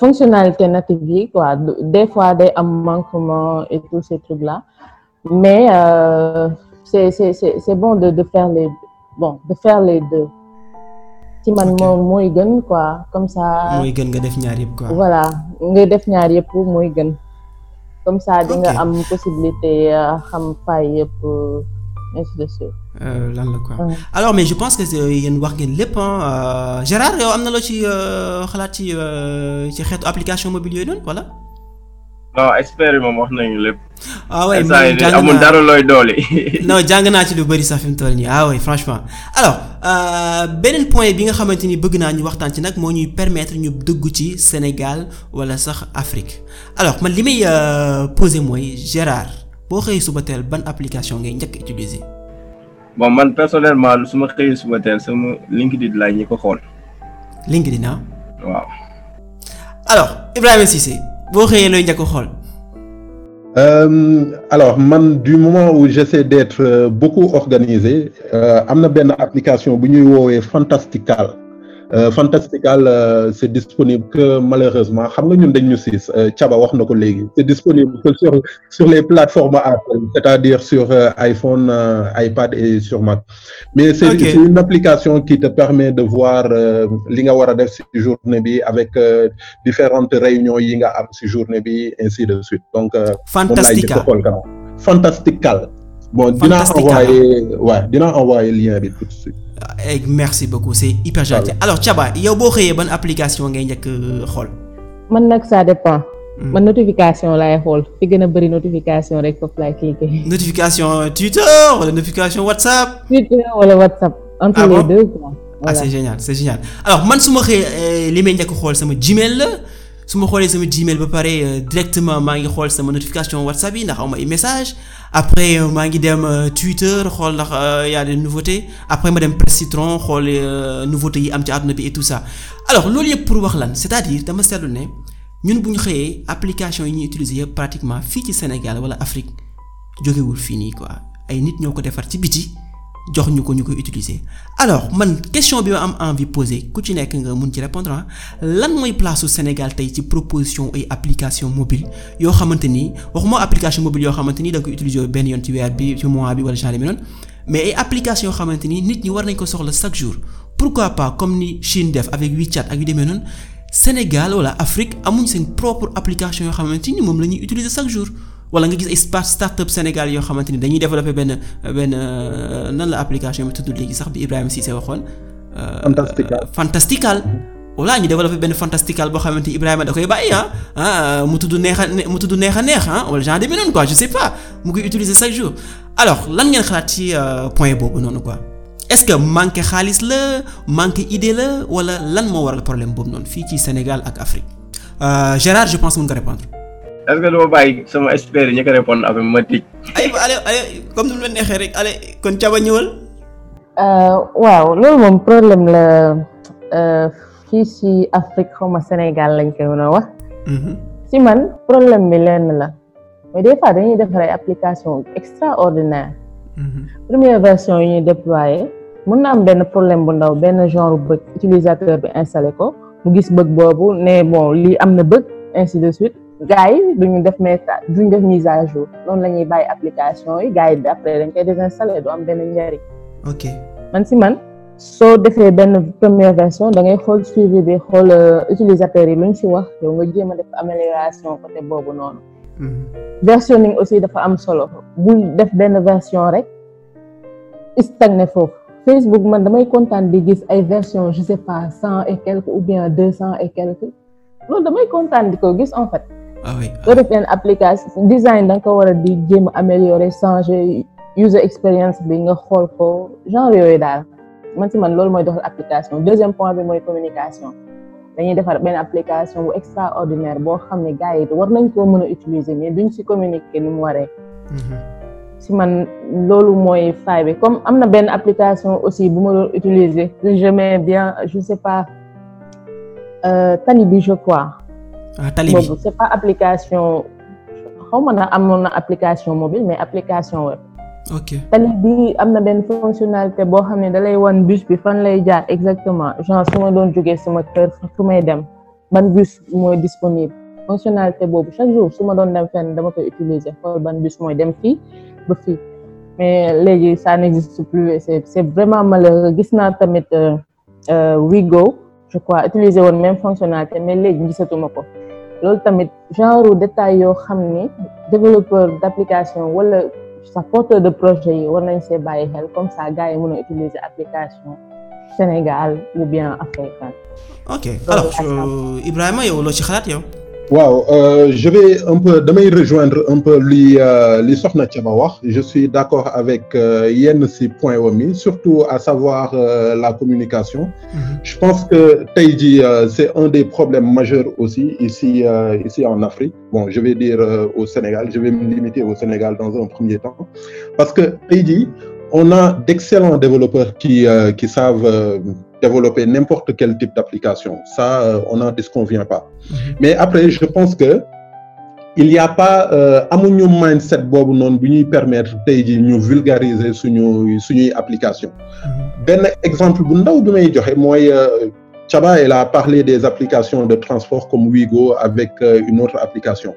fonctionnalité native yi quoi des fois day am manquement et tous ces trucs là. mais euh, c'est c'est bon de de faire les bon de faire les deux. ci man moom mooy gën quoi comme ça. mooy gën nga def ñaar yëpp quoi. voilà nga def ñaar yëpp mooy gën. comme ça di nga am possibilité euh, xam faay yëpp euh, ainsi de suite. Euh, lan la quoi alors mais je pense que yéen wax ngeen lépp Gérard yow am na loo ci xalaat ci ci xeetu application mobile yooyu noonu voilà. non expert moom wax nañu lépp. ah oui amul dara looy doole. non jàng naa ci lu bëri sax fi mu toll nii ah oui franchement alors euh, beneen point bi nga xamante ni bëgg naa ñu waxtaan ci nag moo ñuy permettre ñu dugg ci Sénégal wala sax Afrique alors man li may euh, posé mooy Gérard boo xëyee suba teel ban application ngay njëkk utiliser. bon man personnellement su ma xëyee suba teel sama LinkedIn laay ñi ko xool. LinkedIn ah. waaw. alors Ibrahima Cissé. boo xëyee looy njëkk xool. Euh, alors man du moment où j'essaie d'être euh, beaucoup organisé euh, am na benn application bu ñuy woowee Fantastical. Euh, Fantastical euh, c'est disponible que malheureusement xam nga ñun dañ ñu siis euh, wax na ko léegi c'est disponible que sur les plateformes Apple c'est-à-dire sur iPhone iPad et sur Mac mais c'est une application qui te permet de voir li nga war a def ci journée bi avec différentes réunions yi nga am ci journée bi ainsi de suite donc Fantastical Fantastical bon dinaa envoyer waaw dinaa envoyer lien bi tout de suite Euh, merci beaucoup c'est hyper gentil alors Thiaba yow boo xëyee ban application ngay njëkk euh, xool. man nag ça dépend. Hmm. man notification laay xool fi gën a bëri notification rek foofu laay cliquer. notification Twitter wala notification WhatsApp. Twitter wala WhatsApp. entre ah les bon? deux quoi. Ah, voilà. ah c'est génial c'est génial alors man su xëyee euh, li may njëkk xool sama Gmail la. su ma xoolee sama Gmail ba pare euh, directement maa ngi xool sama notification WhatsApp yi ndax aw ma ay message après euh, maa ngi dem euh, Twitter xool ndax y a des après ma dem Presse Citron xool nouveautés yi am ci àdduna bi et tout ça alors loolu yëpp pour wax lan c'est-à-dire dama seetlu ne ñun bu ñu xëyee application yi ñu utiliser yëpp pratiquement fii ci Sénégal wala Afrique jógewul fii nii quoi ay nit ñoo ko defar ci biti jox ñu ko ñu koy utiliser alors man question bi ma am envie poser ku ci nekk nga mun ci répondre ah. lan mooy place su Sénégal tey ci proposition ay application mobile yoo xamante ni waxuma application mobile yoo xamante ni da nga benn yoon ci weer bi ci mois bi wala genre bi mais ay application yoo xamante ni nit ñi war nañ ko soxla chaque jour pourquoi pas comme ni Chine def avec WeChat ak yu demee noonu Sénégal wala Afrique amuñ seen propre application yoo xamante ni moom la ñuy utiliser chaque jour. wala nga gis ay start startup Sénégal yoo xamante ni dañuy développer benn benn euh, nan la application bi tudd léegi sax bi Ibrahima Cissé waxoon. Euh, fantastical fantastical. voilà ñu développé benn fantastical boo xamante ni Ibrahima da koy bàyyi ah, ah mu tudd neex a mu tudd neex a neex ah wala genre demee noonu quoi je sais pas mu koy utiliser chaque jour alors lan ngeen xalaat ci euh, point boobu noonu quoi est-ce que manque xaalis la manque idée la wala lan moo waral problème boobu noonu fii ci Sénégal ak Afrique Gérard je pense mën est-ce que sama expert ko répondre après ma tij. ayib allez allez comme ni mu la neexee rek allez kon Thiaba euh, waaw loolu moom problème la euh, fii si Afrique xaw Sénégal lañ koy mën a wax. Mhm. si man problème bi lenn la mais des fois dañuy defar ay application extraordinaire mhm. première version yi ñuy déployer mën na am benn problème bu ndaw benn genre bëgg utilisateur bi installé ko mu gis bëgg boobu ne bon lii am na bëgg ainsi de suite. gars yi duñu def meta duñu def mise à jour noonu la ñuy bàyyi application yi gars yi après dañ koy désinstaller du am benn njariñ. ok man si man soo defee benn première version da ngay xool suivi bi xool euh, utilisateur yi lu ñu si wax yow nga jéem a def amélioration côté boobu noonu. Mm-hmm. versioning aussi dafa am solo bul def benn version rek stagné foofu. Facebook man damay kontaan di gis ay version je sais pas cent et quelques ou bien deux cent et quelques loolu damay kontaan fait ah oui boo def leen application design da nga ko war a di jéem a améliorer changer user experience bi nga xool ko genre yooyu daal man si man loolu mooy doxal application deuxième point bi mooy communication dañuy defar benn application bu extraordinaire boo xam ni gars yi war nañ koo mën a utiliser mais duñ si communiquer ni mu waree. Mhm. si man loolu mooy faay bi comme am na benn application aussi bu ma doon utiliser. que j'aimais bien je ne sais pas euh, Tanibi je crois. ah tali boobu c'est pas application xaw ma na amoon na application mobile mais application web. tali bi am na benn fonctionnalité boo xam ne dalay wan bus bi fan lay jaar exactement genre su ma doon jógee sama fu may dem ban bus mooy disponible fonctionnalité boobu chaque jour su ma doon dem fenn dama koy utiliser xool ban bus mooy dem fii ba fii mais léegi ça n'existe plus et c'est c'est vraiment malheureux gis naa tamit euh, euh, Wigo je crois utiliser woon même fonctionnalité mais léegi gisatuma ko. loolu tamit genre détail yoo xam ni développeur d'application wala sa porteur de projet yi war nañ see bàyyi xel comme ça gars yi mën a utiliser application Sénégal ou bien africaine. ok alors euh, Ibrahima yow loo ci xalaat yow. waaw euh, je vais un peu damay rejoindre un peu li euh, li soxna Thiaba wax je suis d'accord avec euh, yenn ci point wam yi surtout à savoir euh, la communication mm -hmm. je pense que tey jii euh, c'est un des problèmes majeurs aussi ici euh, ici en Afrique bon je vais dire au Sénégal je vais me limiter au Sénégal dans un premier temps parce que tey jii on a d'excellents développeurs qui qui savent développer n'importe quel type d'application. Ça, euh, on n'en disconvient pas. Mm Mais après, je pense que il n'y a pas euh, amuñu boobu noonu bu ñuy permettre tey jii ñu vulgariser suñu suñuy application mhm. benn exemple bu ndaw bi may joxe mooy euh, Chaba elle a parlé des applications de transport comme Wigo avec une autre application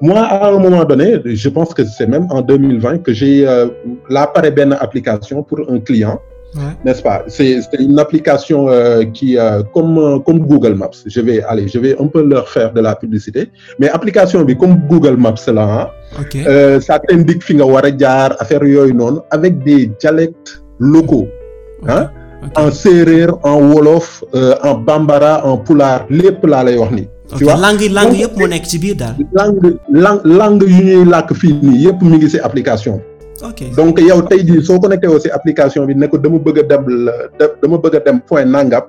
moi à un moment donné je pense que c'est même en 2020 que j'ai euh, là apparaît benn application pour un client Ouais. N'est-ce pas C'est une application euh, qui, euh, comme, euh, comme Google Maps, je vais aller, je vais un peu leur faire de la publicité, mais application bi comme Google Maps là, hein, okay. euh, fi nga war a jaar affaire yooyu noonu avec des dialectes locaux. Okay. Hein? Okay. en séeréer en wolof euh, en bambara en pulaar lépp laa lay wax ni tu vois langue langue yëpp moo nekk ci biir daal. langue langue langue fii yëpp mi ngi ci application ok donc yow tey jii soo connecté si application bi ne dama bëgg a dem dama bëgg dem point nangam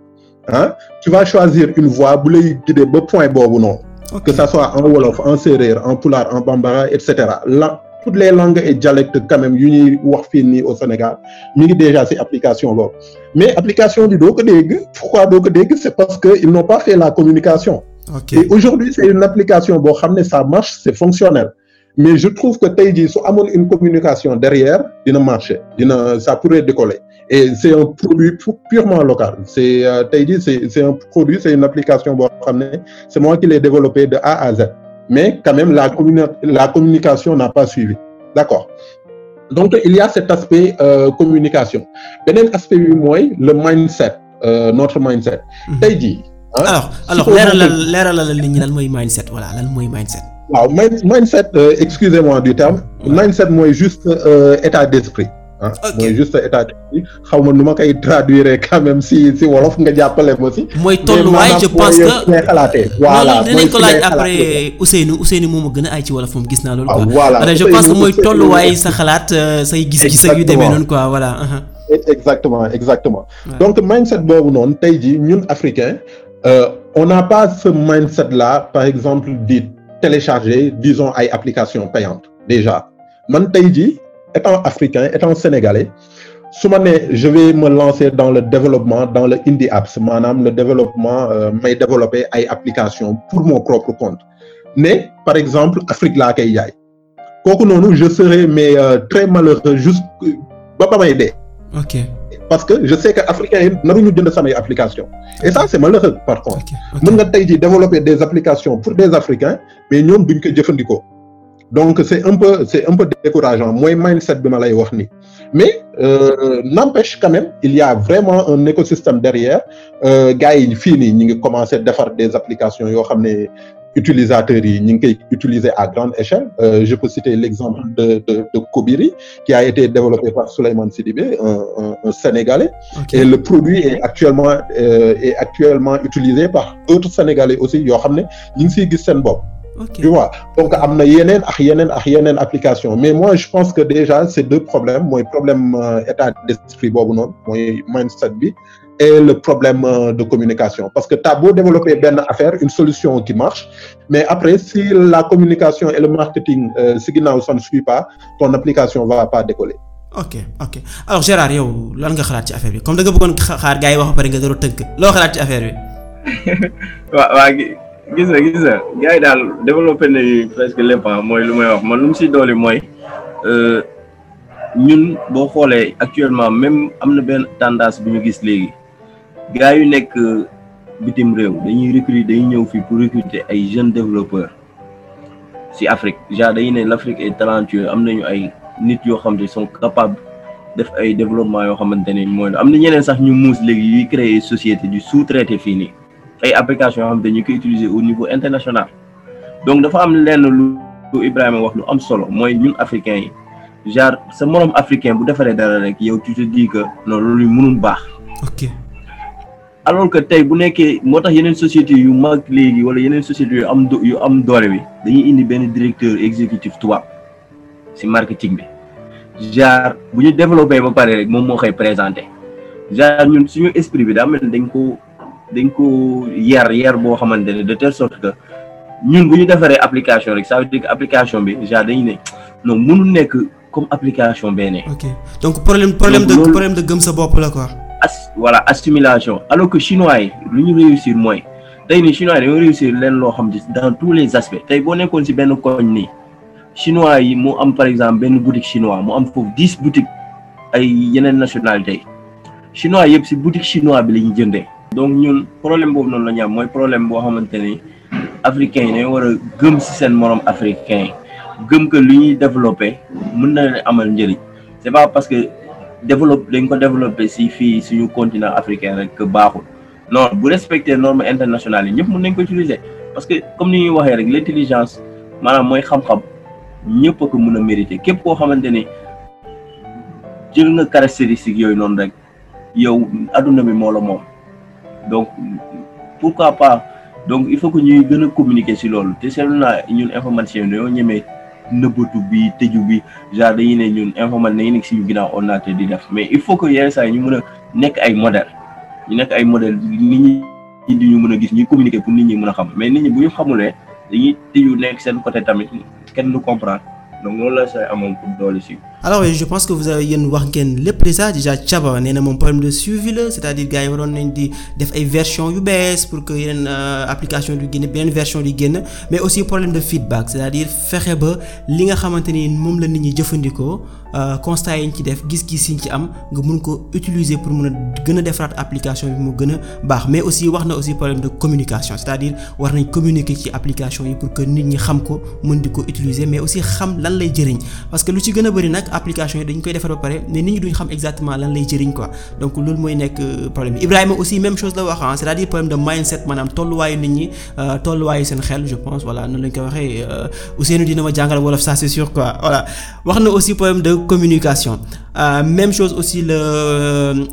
ah tu vas choisir une voie bu lay guider ba point boobu noonu. que ça soit en wolof en séeréer en pulaar en bambara et cetera la toutes les langues et dialectes quand même yu ñuy wax fii nii au Sénégal ñu ngi déjà si application boob mais application bi doo ko dégg pourquoi doo ko dégg c'est parce que ils n'ont pas fait la communication. ok et aujourd'hui c'est une application boo xam ne ça marche c'est fonctionnel. mais je trouve que tey jii su amoon une communication derrière dina marché dina ça pourrait décoller et c'est un produit purement local c'est euh, tey jii c'est c'est un produit c'est une application boo xam ne c'est moi qui l'ai développé de A à Z mais quand même la communi la communication n'a pas suivi d'accord donc il y a cet aspect euh, communication beneen aspect bi mooy le mindset euh, notre mindset. Mm-hmm. tey jii. alors alors leeralal leeralal nit ñi lan mooy mindset voilà lan mooy mindset. waaw mind set euh, excusez-moi du terme mindset mooy juste euh, état d'esprit ah mooy juste état d'esprit xaw ma nu ma koy traduire quand même si si wolof nga jàppale ma si. mooy tolluwaay je pense que mais xalaatee. gën a ay ci wolof gis naa loolu. quoi voilà je pense que mooy tolluwaay sa xalaat euh, say gis-gis sa yu demee noonu quoi voilà. Uh-huh. E-, exactement exactement. donc set boobu noonu tey jii ñun africain on n'a pas ce set la par exemple dit. télécharger disons ay applications payantes déjà man tey jii étant africain étant sénégalais su ma nee je vais me lancer dans le développement dans le indi apps maanaam le développement euh, may développer ay applications pour mon propre compte mais par exemple Afrique laa koy jaay kooku noonu je serai mais euh, très malheureux juste ba ba ok. parce que je sais que africains yi naruñu jënd samay application et ça c'est malheureux par contre mën nga tey jii développer des applications pour des africains mais ñoom duñ ko jëfandikoo donc c'est un peu c'est un peu décourageant mooy bi ma lay wax nii mais euh, n'empêche quand il ya a vraiment un écosystème derrière euh, gars yi fii nii ñu ngi commencer defar des applications yoo xam ne utilisateurs yi ñu ngi koy utiliser à grande échelle euh, je peux citer l'exemple de de de Kobiri qui a été développé par Souleymane Sidibé un, Sénégalais et le produit est actuellement euh, actuellement utilisé par d'autres Sénégalais aussi yoo xam ne ñu ngi siy gis seen bopp Okay. tu donc am na yeneen ak yeneen ak yeneen application mais moi je pense que déjà ces deux problèmes mooy problème euh, état d'esprit boobu noonu mooy mindset bi et le problème euh, de communication parce que t'as beau développer benn affaire une solution qui marche mais après si la communication et le marketing euh, si ginnaaw ça ne suit pas ton application va pas décoller ok ok alors Gérard yow lan nga xalaat ci affaire bi comme danga nga bëggoon xaar gars wax p pare nga doon tënk gis nga gis nga gars daal développé nañu presque lépp ah, mooy lu may wax man lu mu si doole mooy euh, ñun boo xoolee actuellement même am na benn tendance bu ñu gis léegi gars yu nekk euh, bitim réew dañuy recruter dañuy ñëw fii pour recruter ay jeunes développeurs si Afrique genre dañuy ne l' Afrique est talentueux am nañu ay nit yoo xam ne sont capables def ay développement yoo xamante ne mooy am na ñeneen sax ñu muus léegi yuy créer société du sous-traité fii nii. ay application yoo xam dañu koy utiliser au niveau international donc dafa am lenn lu Ibrahima wax lu am solo mooy ñun africain yi genre sa moroom africain bu defaree dara rek yow tu te dis que non loolu mënul baax. ok alors que tey bu nekkee moo tax yeneen société yu mag léegi wala yeneen société yu am yu am doole bi dañuy indi benn directeur exécutif tubaab ci marketing bi genre bu ñu développé ba pare rek moom moo koy présenté genre ñun suñu esprit bi daa mel dañ ko. dañ ko yar yar boo xamante ne de telle sorte que ñun bu ñu defaree application rek sa veut dire que application bi genre dañu ne non mënul nekk comme application beneen. ok donc problème problème de problème de gëm sa bopp la quoi. as voilà assimilation que chinois yi lu ñu réussir mooy tey ni chinois yi dañoo réussir leen loo xam dans tous les aspects tey boo nekkoon ci benn koñ nii chinois yi mu am par exemple benn boutique chinois mu am foofu dix boutiques ay yeneen nationalité chinois yëpp ci boutique chinois bi la ñuy jëndee. donc ñun problème boobu noonu la ñu am mooy problème boo xamante ni africains yi dañoo war a gëm seen morom africain gëm que lu ñuy développé mën na amal njëriñ c'est pas parce que développe dañ ko développé si fii suñu continent africain rek baaxul non bu respecter normes internationales yi ñëpp mën nañ ko utiliser parce que comme ni ñuy waxee rek l'intelligence maanaam mooy xam-xam ñëpp a ko mën a mériter képp koo xamante ni jël nga caractéristiques yooyu noonu rek yow adduna bi moo la moom. donc pourquoi pas donc il faut que ñuy gën a communiquer si loolu te seetlu naa ñun information dañoo ñemee nëbbatu bi tëju bi genre dañuy ne ñun information dañuy nekk ci ñu ginnaaw ordinateur di def mais il faut que yenn saa yi ñu mën a nekk ay modèle ñu nekk ay model ni ñi di ñu mën a gis ñuy communiquer pour nit ñi mën a xam mais nit ñi bu ñu xamulee dañuy tëju nekk seen côté tamit kenn du comprendre donc loolu la say amoon pour doole ci alors je pense que vous avez yéen wax ngeen lépp déjà déjà Thiaba nee na moom problème de suivi la c'est-à-dire gars yi waroon nañ di def ay version yu bees pour que yeneen euh, application du génn beneen version di génn mais aussi problème de feedback c'est-à-dire fexe ba li nga xamante ni moom la nit ñi jëfandikoo euh, constat yi ñu ci def gis-gis yi ci am nga mun ko utiliser pour mun a gën a defaraat application bi mu gën a baax mais aussi wax na aussi problème de communication c'est-à-dire war application yi pour que ñi xam ko mën di ko utiliser mais aussi xam lan lay jëriñ parce que application yi dañ koy defar ba pare mais nit ñi duñ xam exactement lan lay jëriñ quoi donc loolu mooy nekk euh, problème bi Ibrahima aussi même chose la wax ah cest maanaam tolluwaayu nit ñi euh, tolluwaayu seen xel je pense euh, ma jàngal wolof na aussi problème de communication même chose aussi le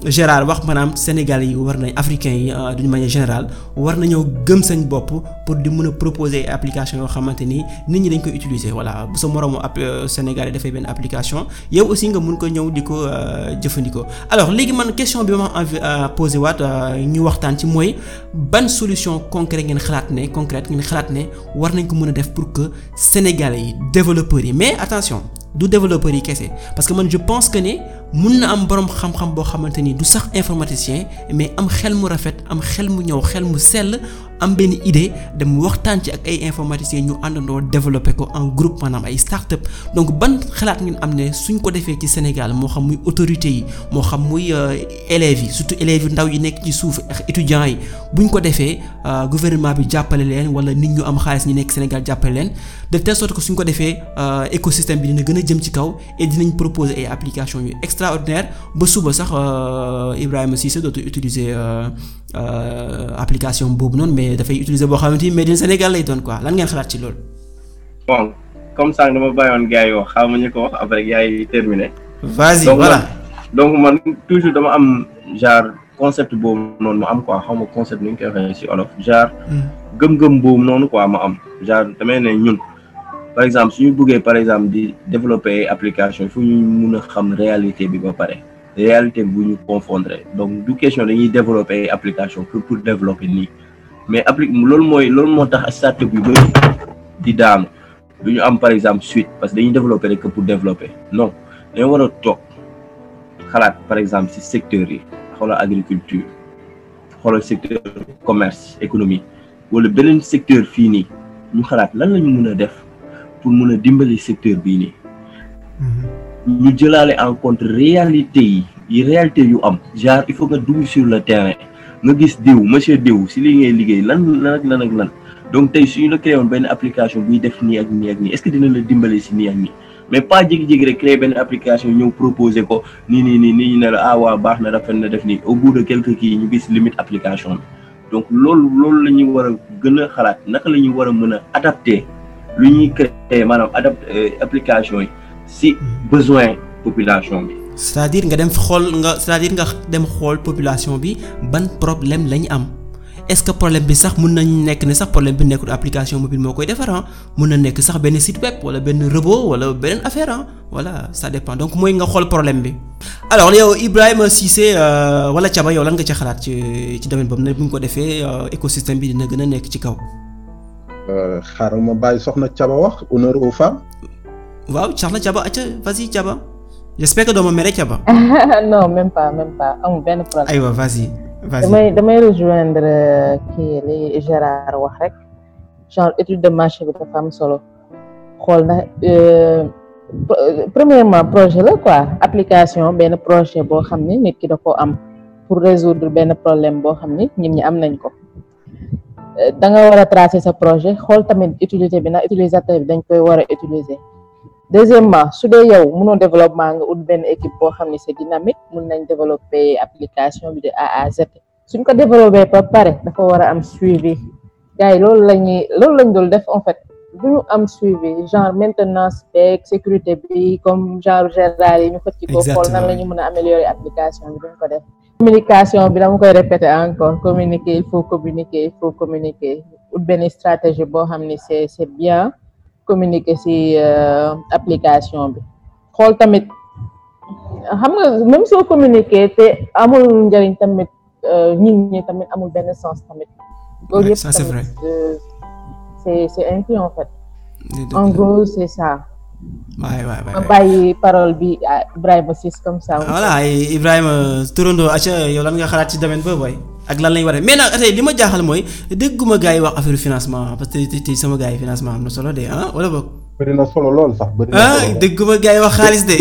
Gérard wax maanaam Sénégalais yi war nañ africains yi d'une manière générale war nañoo gëm seen bopp pour di mën a proposer application yoo xamante ni nit ñi dañ koy utiliser voilà bu sa moroomu ab Sénégalais dafay benn application yow aussi nga mun ko ñëw di ko euh, jëfandikoo alors léegi man question bi ma envie euh, posé waat euh, ñu waxtaan ci mooy ban solution concrète ngeen xalaat ne concrète ngeen xalaat ne war nañ ko mën a def pour que sénégal yi développeurs yi mais attention du développeur yi kese parce que man je pense que ne mun na am boroom xam-xam boo xamante ni du sax informaticien mais am xel mu rafet am xel mu ñëw xel mu sell am benn idée dem waxtaan ci ak ay informaticiens ñu àndandoo développé ko en groupe maanaam ay start-up donc ban xalaat ngeen am ne suñ ko defee ci Sénégal moo xam muy autorités yi moo xam muy euh, élèves yi surtout élèves yu ndaw yi nekk ci suuf ak étudiants yi buñ ko defee euh, gouvernement bi jàppale leen wala nit ñu am xaalis ñu nekk Sénégal jàppale leen. de telle sorte que suñ ko defee euh, écosystème bi dina gën a jëm ci kaw et dinañ proposer ay applications yu extraordinaire ba suba sax euh, Ibrahima Cissé dootu utiliser euh, application boobu noonu mais dafay utiliser boo xamante ni made in Sénégal lay doon quoi lan ngeen xalaat ci loolu. bon comme sànq dama bàyyoon gars yi wax ma ñu ko wax après gars yi terminé. vas-y voilà donc man dama am genre. concept boobu noonu ma am xaw ma concept nu ñu koy waxee ci olof genre hmm. gëm-gëm boobu noonu quoi ma am genre damay ne ñun par exemple suñu bëggee par exemple di développer application fu ñu mun a xam réalité bi ba pare réalité bu ñu confondre donc du question dañuy développer application pour pour nii mais appli loolu mooy loolu moo tax startup yu bëri di daanu du ñu am par exemple suite parce que dañuy développer rek pour développer non dañoo war a toog xalaat par exemple si secteur yi xoolal agriculture xoolal secteur commerce économie wala beneen secteur fii nii ñu xalaat lan la ñu mun a def. pour mun a dimbali secteur bii nii. ñu jëlaale en compte réalité yi réalité yu am genre il faut nga dugg sur le terrain nga gis diw monsieur diw si li ngay liggéey lan lan ak lan lan donc tey suñu la créé woon benn application buy def nii ak nii ak nii est-ce que dina la dimbali si nii ak nii mais pas jékki-jékki rek créer benn application ñëw proposer ko nii nii nii nii ñu ne la ah waaw baax na rafet na def nii au bout de kii ñu gis limite application bi donc loolu loolu la ñuy war a gën a xalaat naka la ñuy war a mën a adapter. lu ñuy créer maanaam adapté euh, application yi si mm. besoin population bi. cest à nga dem xool nga cest à nga dem xool population bi ban problème lañ am est-ce que problème bi sax mën nañ nekk ne sax problème bi nekkul application mobile moo koy defar ah mën na nekk sax benn site web wala benn robot wala benn affaire ah voilà ça dépend donc mooy nga xool problème bi. alors yow Ibrahima Cissé euh, wala Thiaba yow lan nga ci xalaat ci ci domaine boobu ne bu ñu ko defee euh, écosystème bi dina gën a nekk ci kaw. xaaral ma bàyyi soxna Thiaba wax honneur aux femmes. waaw soxna Thiaba acca vas-y Thiaba. j'espère que doo ma mere Thiaba. même pas même pas amul benn problème. aywa vas-y vas-y damay damay rejoindre euh, Gérard wax rek genre étude de marché bi dafa am solo xool na euh, premièrement projet la quoi application benn projet boo xam ni nit ki da koo am pour résoudre benn problème boo xam ni nit ñi am nañ ko. Euh, da nga war a tracer sa projet xool tamit utilité bi nag utilisateur bi dañ koy war a utiliser deuxièmement su dee yow mënoo développement nga ut benn équipe boo xam ni se dynamique mun nañ développer application bi de A à Z suñ ko développé ba pare dafa war a am suivi gars yi loolu la ñuy loolu lañ doon def en fait du ñu am suivi genre maintenance beeg sécurité bi comme genre général yi ñu xëcc ko xool nan la ñu mën a améliorer application bi duñ ko def communication bi dama koy répéter encore communiquer il faut communiquer il faut communiquer ut benn stratégie boo xam ni c'est c'est bien communiquer ci euh, application bi xool tamit xam nga même soo communiquer te amul njëriñ tamit euh, nit ñi tamit amul benn sens tamit loolu yëpp tamit euh, c'est c'est inclus en fait c'est ça waay waay ma bàyyi parole bi ah, a Ciss comme ça. Ah, voilà Ibrahima turandoo acca yow lan nga xalaat ci domaine boobu ak lan lañ war a mais nag tey li ma jaaxal mooy dégguma gars yi wax affaire financement parce que tey sama gars financement am na solo de ah wala boog. bëri na solo lool sax. bëri na ah, solo xaalis de.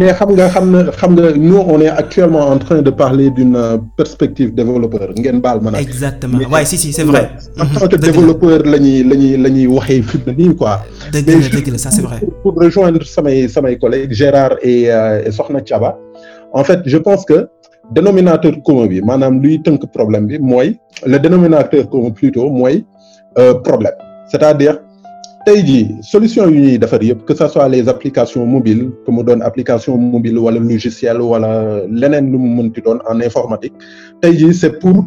mais xam nga xam na xam nga nous on est actuellement en train de parler d'une euh, perspective développeur ngeen baal ma nag. exactement waaye si si c'est vrai. en mm-hmm. tant que développeur la ñuy la ñuy la ñuy waxee fi quoi. dëgg la dëgg la ça c'est vrai. pour rejoindre samay samay collègues Gérard et euh, Soxna Thiaba en fait je pense que. dénominateur commun bi maanaam luy tënk problème bi mooy le dénominateur commun plutôt mooy euh, problème c'est-à-dire tey jii solution yi defar yëpp que ça soit les applications mobiles que mu doon application mobile wala logiciel wala leneen lu mu mënti doon en informatique tey jii c'est pour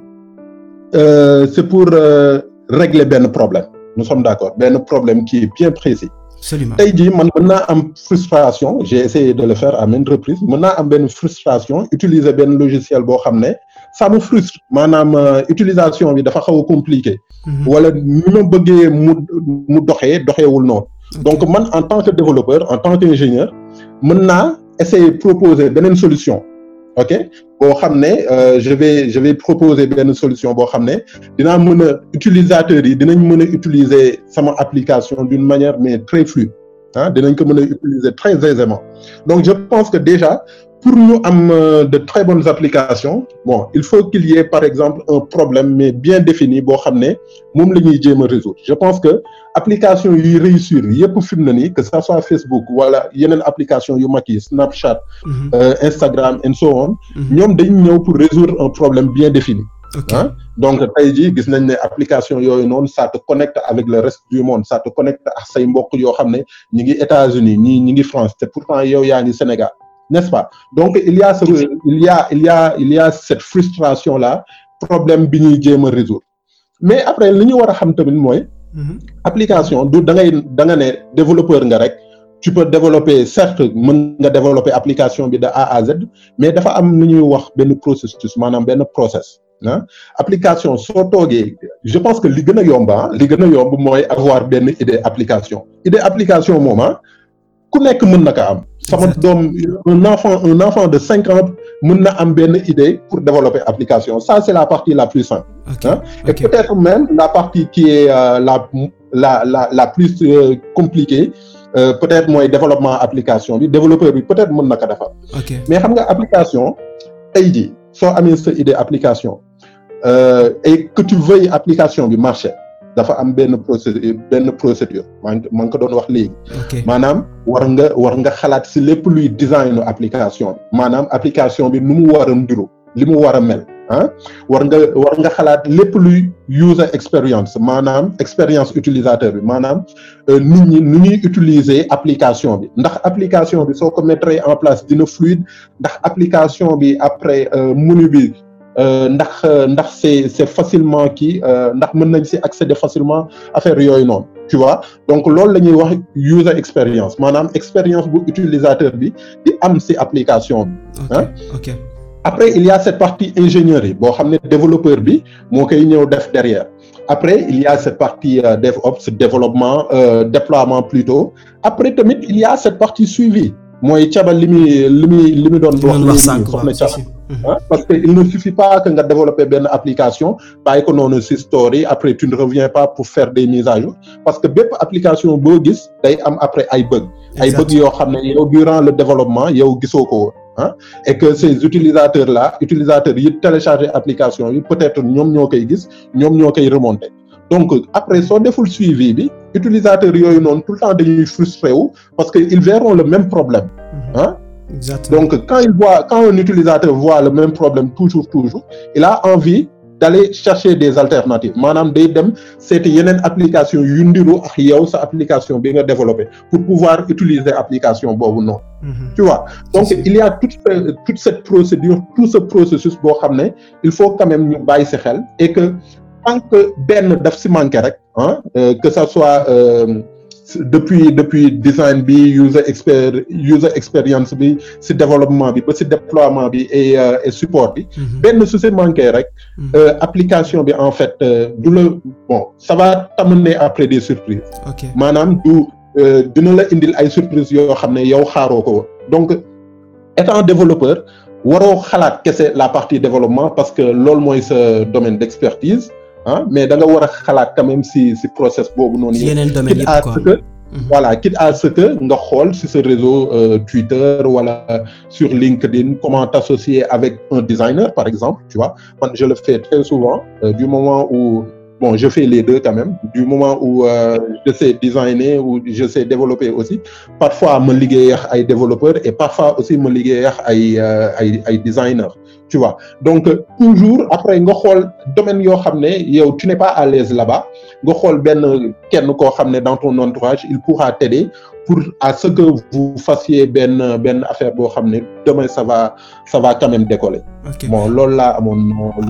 euh, c'est pour euh, régler benn problème nous sommes d'accord benn problème qui est bien précis. tey jii man mën naa am frustration j'ai essayé de le faire à maintes reprises mën naa am benn frustration utiliser benn logiciel boo xam ne. ça me frustre maanaam euh, utilisation bi dafa xaw a compliqué. Mhm. wala ni ma bëggee mu mu doxee doxeewul noonu. donc man en tant que développeur en tant qu'ingénieur man naa essayer proposer beneen solution. ok boo xam ne euh, je vais je vais proposer benn solution boo xam ne dinaa mën a utilisateurs yi dinañ mën a utiliser sama application d'une manière mais très fluide ah dinañ ko mën a utiliser très aisément donc je pense que déjà pour ñu am euh, de très bonnes applications bon il faut qu'il y par exemple un problème mais bien défini boo xam ne moom la ñuy jéem a résoudre je pense que application yi réussir yëpp fi mu ne nii que ça soit Facebook wala yeneen application yu mag yi Snapchat mm -hmm. euh, Instagram and so on mhm. ñoom dañu ñëw pour résoudre un problème bien défini donc tey jii gis nañ ne application yooyu noonu ça te connecte avec le reste du monde ça te connecte ak say mbokk yoo xam ne ñi ngi États-Unis ñii ñi ngi France te pourtant yow yaa ngi Sénégal n'est-ce pas donc il y a ce, il y a il cette frustration là problème bi ñuy jéem a résoudre mais après li ñu war a xam tamit mooy. Mhm. application du da ngay da nga ne développeur nga rek. tu peux développer certes mën nga développer application bi de A à mais dafa am lu ñuy wax benn processus maanaam benn process ah application soo toogee je pense que li gën a yomb li gën a yomb mooy avoir benn idée application idée application moom ku nekk mën na ko am sama doom un enfant un enfant de cinq ans mën na am benn idée pour développer application ça c'est la partie la plus simple okay. hein? et peut-être même la partie qui est euh, la la la la plus euh, compliquée euh, peut-être mooy développement application bi développeur bi peut-être mën na ko defar mais xam nga application tey jii soo amee sa idée application euh, et que tu veuilles application bi marché dafa am benn procédure benn procédure maa ngi maa ngi ko doon wax léegi. maanaam war nga war nga xalaat si lépp luy designu application bi. maanaam application bi nu mu war a nduru li mu war a mel ah war nga war nga xalaat lépp luy user experience maanaam expérience utilisateur bi maanaam euh, nit ñi nu ñuy utiliser application bi ndax application bi soo ko mettre en place dina fluide ndax application bi après euh, menu bi. Euh, ndax euh, ndax c'est c'est facilement kii euh, ndax mën nañ si accéder facilement affaire yooyu noonu tu donc loolu la ñuy wax user expérience maanaam expérience bu utilisateur bi di am si application bi ah ok après il y a partie ingénierie boo xam ne développeur bi moo koy ñëw def derrière après il y a cette partie euh, développement euh, déploiement plutôt après tamit il y a partie suivi mooy cabal li muy li muy li mu doon wax sànq soxna cabal ah parce que il ne suffit pas que nga développer benn application bay ko noonu si store yi après tu ne reviens pas pour faire des mises parce que bépp application boo gis day am après ay bug ay bug yoo xam ne yow durant le développement yow gisoo ko woon ah et que ces utilisateurs là utilisateurs yi télécharger application yi peut-être ñoom ñoo koy gis ñoom ñoo koy remonter donc après soo deful suivi bi utilisateur yooyu noonu tout le temps dañuy frustré wu parce que ils verront même problème ah Exactement. Donc, quand, il voit, quand un utilisateur voit le même problème toujours, toujours, il a envie d'aller chercher des alternatives maanaam day dem seeti yeneen application yu ndiru ak yow sa application bi nga développé pour pouvoir utiliser application boobu no mm -hmm. tu vois donc il y a toute cette procédure tout ce processus boo xam ne il faut quand même ñu bàyyi si xel et que tant que benn def si manqué rek ah que ça soit euh, depuis depuis design bi user expert user bi si développement bi ba si déploiement bi et euh, support bi. Mhm. benn su si manqué rek. Mhm. Euh, application bi en fait euh, du la bon ça va t'amener après des surprises. ok maanaam du dina la indil ay surprises yoo xam ne yow xaaroo ko woon donc étant développeur waroo xalaat kese la partie développement parce que loolu mooy sa domaine d'expertise. ah mais da nga war a xalaat quand même si si process boobu noonu. yi domaine yëpp mm-hmm. voilà quitte à ce que nga xool sur ce réseau euh, Twitter wala voilà, sur LinkedIn comment t'associer avec un designer par exemple tu vois man je le fais très souvent euh, du moment où je fais les deux quand même du moment où euh, je sais designer ou je sais développer aussi parfois ma liggéey ay développeur et parfois aussi ma liggéey euh, ay ay ay designer tu vois donc toujours après nga xool domaine yoo xam ne yow tu n'es pas à l'aise là-bas nga xool benn kenn koo xam ne dans ton entourage il a t'aider pour a ce que vous fassiez benn benn affaire boo xam ne domaine ça va ça va quand même décoller. ok loolu laa amoon.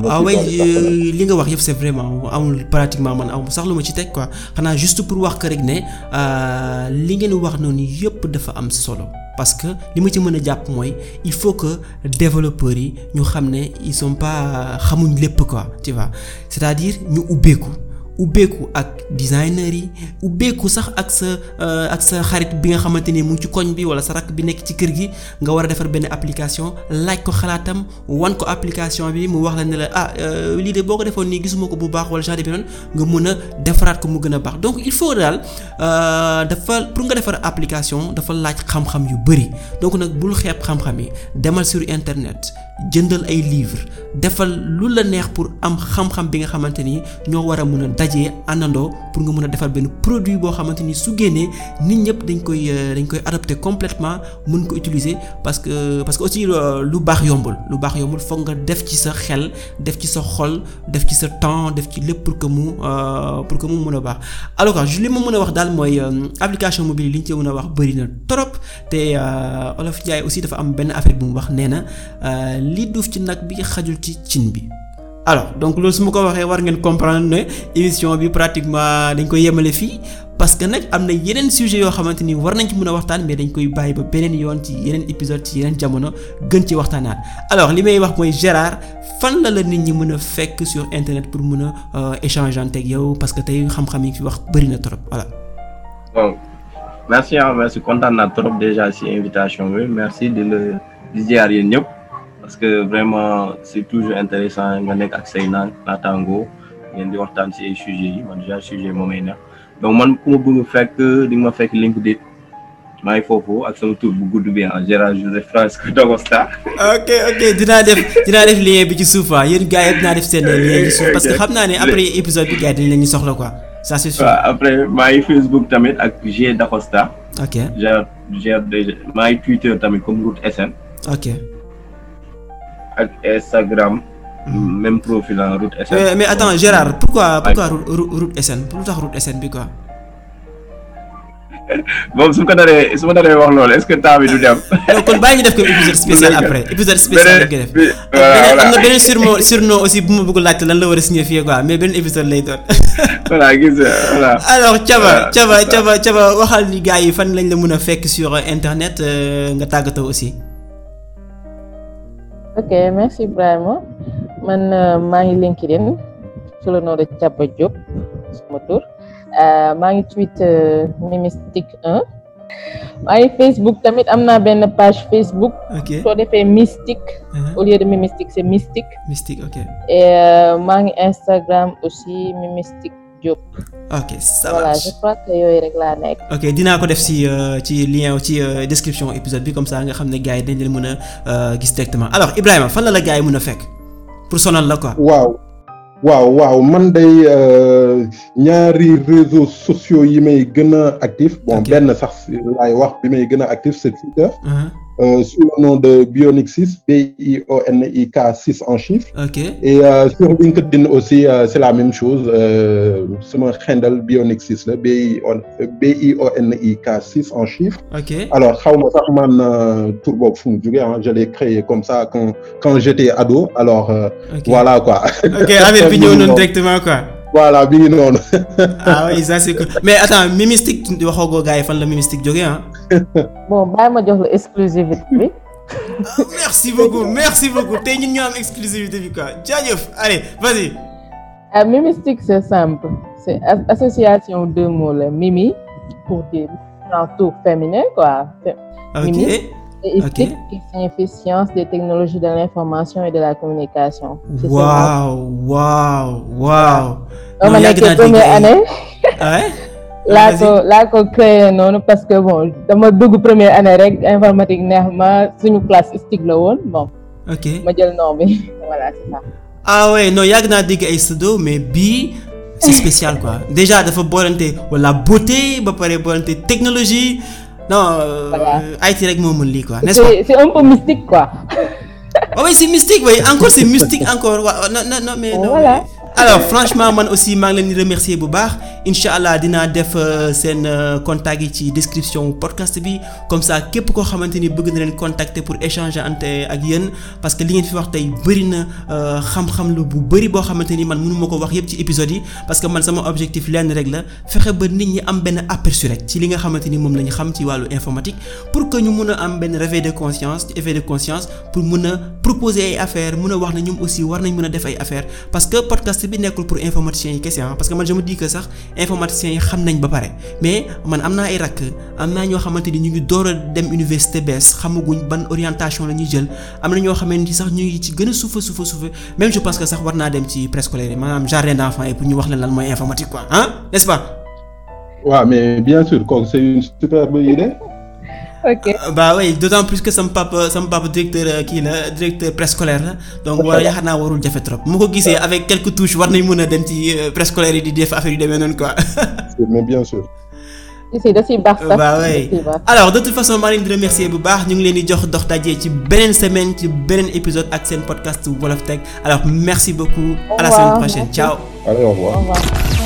ah euh, li nga wax yëpp c'est vraiment amul pratiquement man amul sax lu ma ci teg quoi xanaa juste pour wax que rek ne euh, li ngeen wax noonu yëpp dafa am solo. parce que li ci mën a jàpp mooy il faut que développeur yi ñu xam ne ils sont xamuñ lépp quoi tu vois cest à ñu ubbeeku ubbeeku ak designer yi ubbeeku sax ak sa euh, ak sa xarit bi nga xamante ni mu ngi ci koñ bi wala sa rakk bi nekk ci kër gi nga war a defar benn application laaj ko xalaatam wan ko application bi mu wax la ne la ah euh, lii de boo ko defoon nii gisuma ko bu baax wala genre bi noonu nga mën a defaraat ko mu gën a baax donc il faut daal euh, dafa pour nga defar application dafa laaj xam-xam yu bari donc nag bul xeeb xam-xam yi demal sur internet. jëndal ay livre defal lu la neex pour am xam-xam bi nga xamante ni ñoo war a mën a dajee àndandoo pour nga mën a defal benn produit boo xamante ni su génnee nit ñëpp dañ koy euh, dañ koy adopté complètement mën ko utiliser parce que parce que aussi euh, lu baax yombul lu baax yombul foog nga def ci sa xel def ci sa xol def ci sa temps def ci lépp pour que mu euh, pour que mu mën a baax alors je li ma mën a wax daal mooy application mobile li ñu ci mën a wax bëri na trop te Olof Ndiaye aussi dafa am benn affaire bu mu wax nee na li duuf ci nag bi xajul ci cin bi alors donc loolu su ma ko waxee war ngeen comprendre ne émission bi pratiquement dañ koy yemale fii parce que nag am na yeneen sujet yoo xamante ni war nañ ci mën a waxtaan mais dañ koy bàyyi ba beneen yoon ci yeneen épisode ci yeneen jamono gën ci waxtaanaat alors li may wax mooy Gérard fan la la nit ñi mën a fekk sur internet pour mën a euh, échanger ak yow parce que tey xam-xam yi fi wax bëri na trop voilà. bon merci merci kontaan naa trop déjà ci invitation bi merci di la di parce que vraiment c'est toujours intéressant nga nekk ak say naan naataango ngeen di waxtaan si ay sujets yi man genre sujet moo may neex donc man ku ma bëgg fekk di ma fekk LinkedIn maa ngi foofu ak sama tur bu gudd bi ah Gérard Joseph Francisco Dagosta. ok ok dinaa def dinaa def lien bi ci suuf ah yéen gars yi def seen lien ci parce que xam naa ni après épisode bi gars yi dañ leen ñu soxla quoi ça c'est sûr. après maa ngi Facebook tamit ak G Dagosta. ok Gérard Gérard maa ngi Twitter tamit comme ak Instagram. Hmm. même profil en route SN. mais euh, mais attends Gérard pourquoi pourquoi route SN lu tax route SN bi quoi. moom su ko naree su ma naree wax loolu est-ce que temps bi du dem. kon bàyyi ñu def ko épisode spécial après épisode spécial la koy def. voilà beneen surnom surnom aussi bu ma bëgg laajte lan la war a signifier quoi mais benn épisode lay doon. voilà gis nga voilà. alors Thiaba Thiaba Thiaba Thiaba waxal ni yi fan lañ la mën a fekk sur euh, internet euh, nga tàggatoo aussi. ok merci Ibrahima man euh, maa ngi LinkedIn sous le nom de Thiaba Diop sama tur euh, maa ngi tweet euh, Mimistic 1 maa ngi Facebook tamit am na benn page Facebook. ok soo defee mystique. Uh-huh. au lieu de Mimistic c'est mystique. mystique ok. maa ngi Instagram aussi Mimistic. Diop. ok ça voilà je crois que yooyu rek nekk. ok dinaa ko def si euh, ci lien ci euh, description épisode bi comme ça nga xam ne gars yi dañ leen mën a euh, gis directement alors Ibrahima fan la la gars yi mën a fekk pour sonal la ko waaw waaw waaw man day ñaari réseaux sociaux yi may gën a actif bon benn sax laay wax bi may gën a actif c'est Twitter. Uh-huh. Euh, sous le nom de Bionixis, B-I-O-N-I-K-6 en chiffres. Et euh, sur LinkedIn aussi, euh, c'est la même chose. c'est mon handle Bionixis, B-I-O-N-I-K-6 en chiffres. Alors, xawma sax man tur boobu fu mu jógee ah je créé comme ça quand quand j'étais ado alors. voilà quoi. ok affaire directement quoi. voilà bi ngi noonu. ah oui ça c'est que mais attends Mimystique waxoo ko gars yi fan la Mimystique jógee ah. bon bàyyi ma jox la exclusivité bi. ah, merci beaucoup merci beaucoup tey ñun ñoo am exclusivité bi quoi jaajëf allez vas-y. ah Mimystique c'est simple c'est Mimi pour dire un tour féminin quoi. ok Mimi. éthique okay. et efficience des technologies de l'information et de la communication. waaw waaw waaw. ma nekk première année. Ouais. laa ko laa ko créé noonu que bon dama dugg première ane rek informatique neex ma suñu classe STIC la woon bon. ok ma jël nom bi voilà c'est ça. ah ouais non yàgg naa dégg ay pseudo mais bii. c'est spécial quoi déjà dafa boolante wala beauté ba pare boolante technologie. non euh, IT rek moo mën lii quoi n'est-ce pas c'est un peu mystique quoi. waaw ah oui c'est mystique oui encore c'est mystique encore waaw non non mais. non mais. alors franchement man aussi maa ngi leen di remercier bu baax incha allah dinaa def euh, seen euh, contact yi ci description podcast bi comme ça képp koo xamante ni bëgg na leen contacter pour échanger ante ak yéen parce li ngeen fi wax tey bëri na euh, xam-xam lu bu bëri boo xamante ni man mënu ma ko wax yépp ci épisode yi parce que man sama objectif lenn rek la fexe ba nit ñi am benn aperçu rek ci li nga xamante ni moom la ñu xam ci wàllu informatique pour que ñu mun am benn réveil de conscience effet de conscience pour mun a proposer ay mun a wax ne ñoom aussi war nañ mën a def ay affaires test bi nekkul pour informaticiens yi kese ah, parce que man je me dis que sax informaticiens yi xam nañ ba pare mais man am naa ay rakk am naa ñoo xamante ni ñu door a dem université bees xamaguñ ban orientation la ñuy jël am na ñoo xamante ni sax ñu ci gën a suufa suufa suufa même je pense que sax war naa dem ci préscolaire yi maanaam jardin d'enfants yi pour ñu wax la lan mooy informatique quoi ah nest pas. waaw mais bien sûr kooku c'est une superbe idée. ok euh, bah d'autant plus que sama papa sama papa directeur euh, kii la directeur préscolaire la donc war yaakaar naa warul jafe trop mu ko gisee avec quelques touches war nañu mën a dem ci euh, préscolaire yi di def affaire yu demee noonu quoi. mais bien sûr. si da siy baax sax bah oui alors de toute façon maa leen di remercier bu baax ñu ngi leen di jox dox daje ci beneen semaine ci beneen épisode ak seen podcast Wolof Tech alors merci beaucoup. à la semaine prochaine ciao.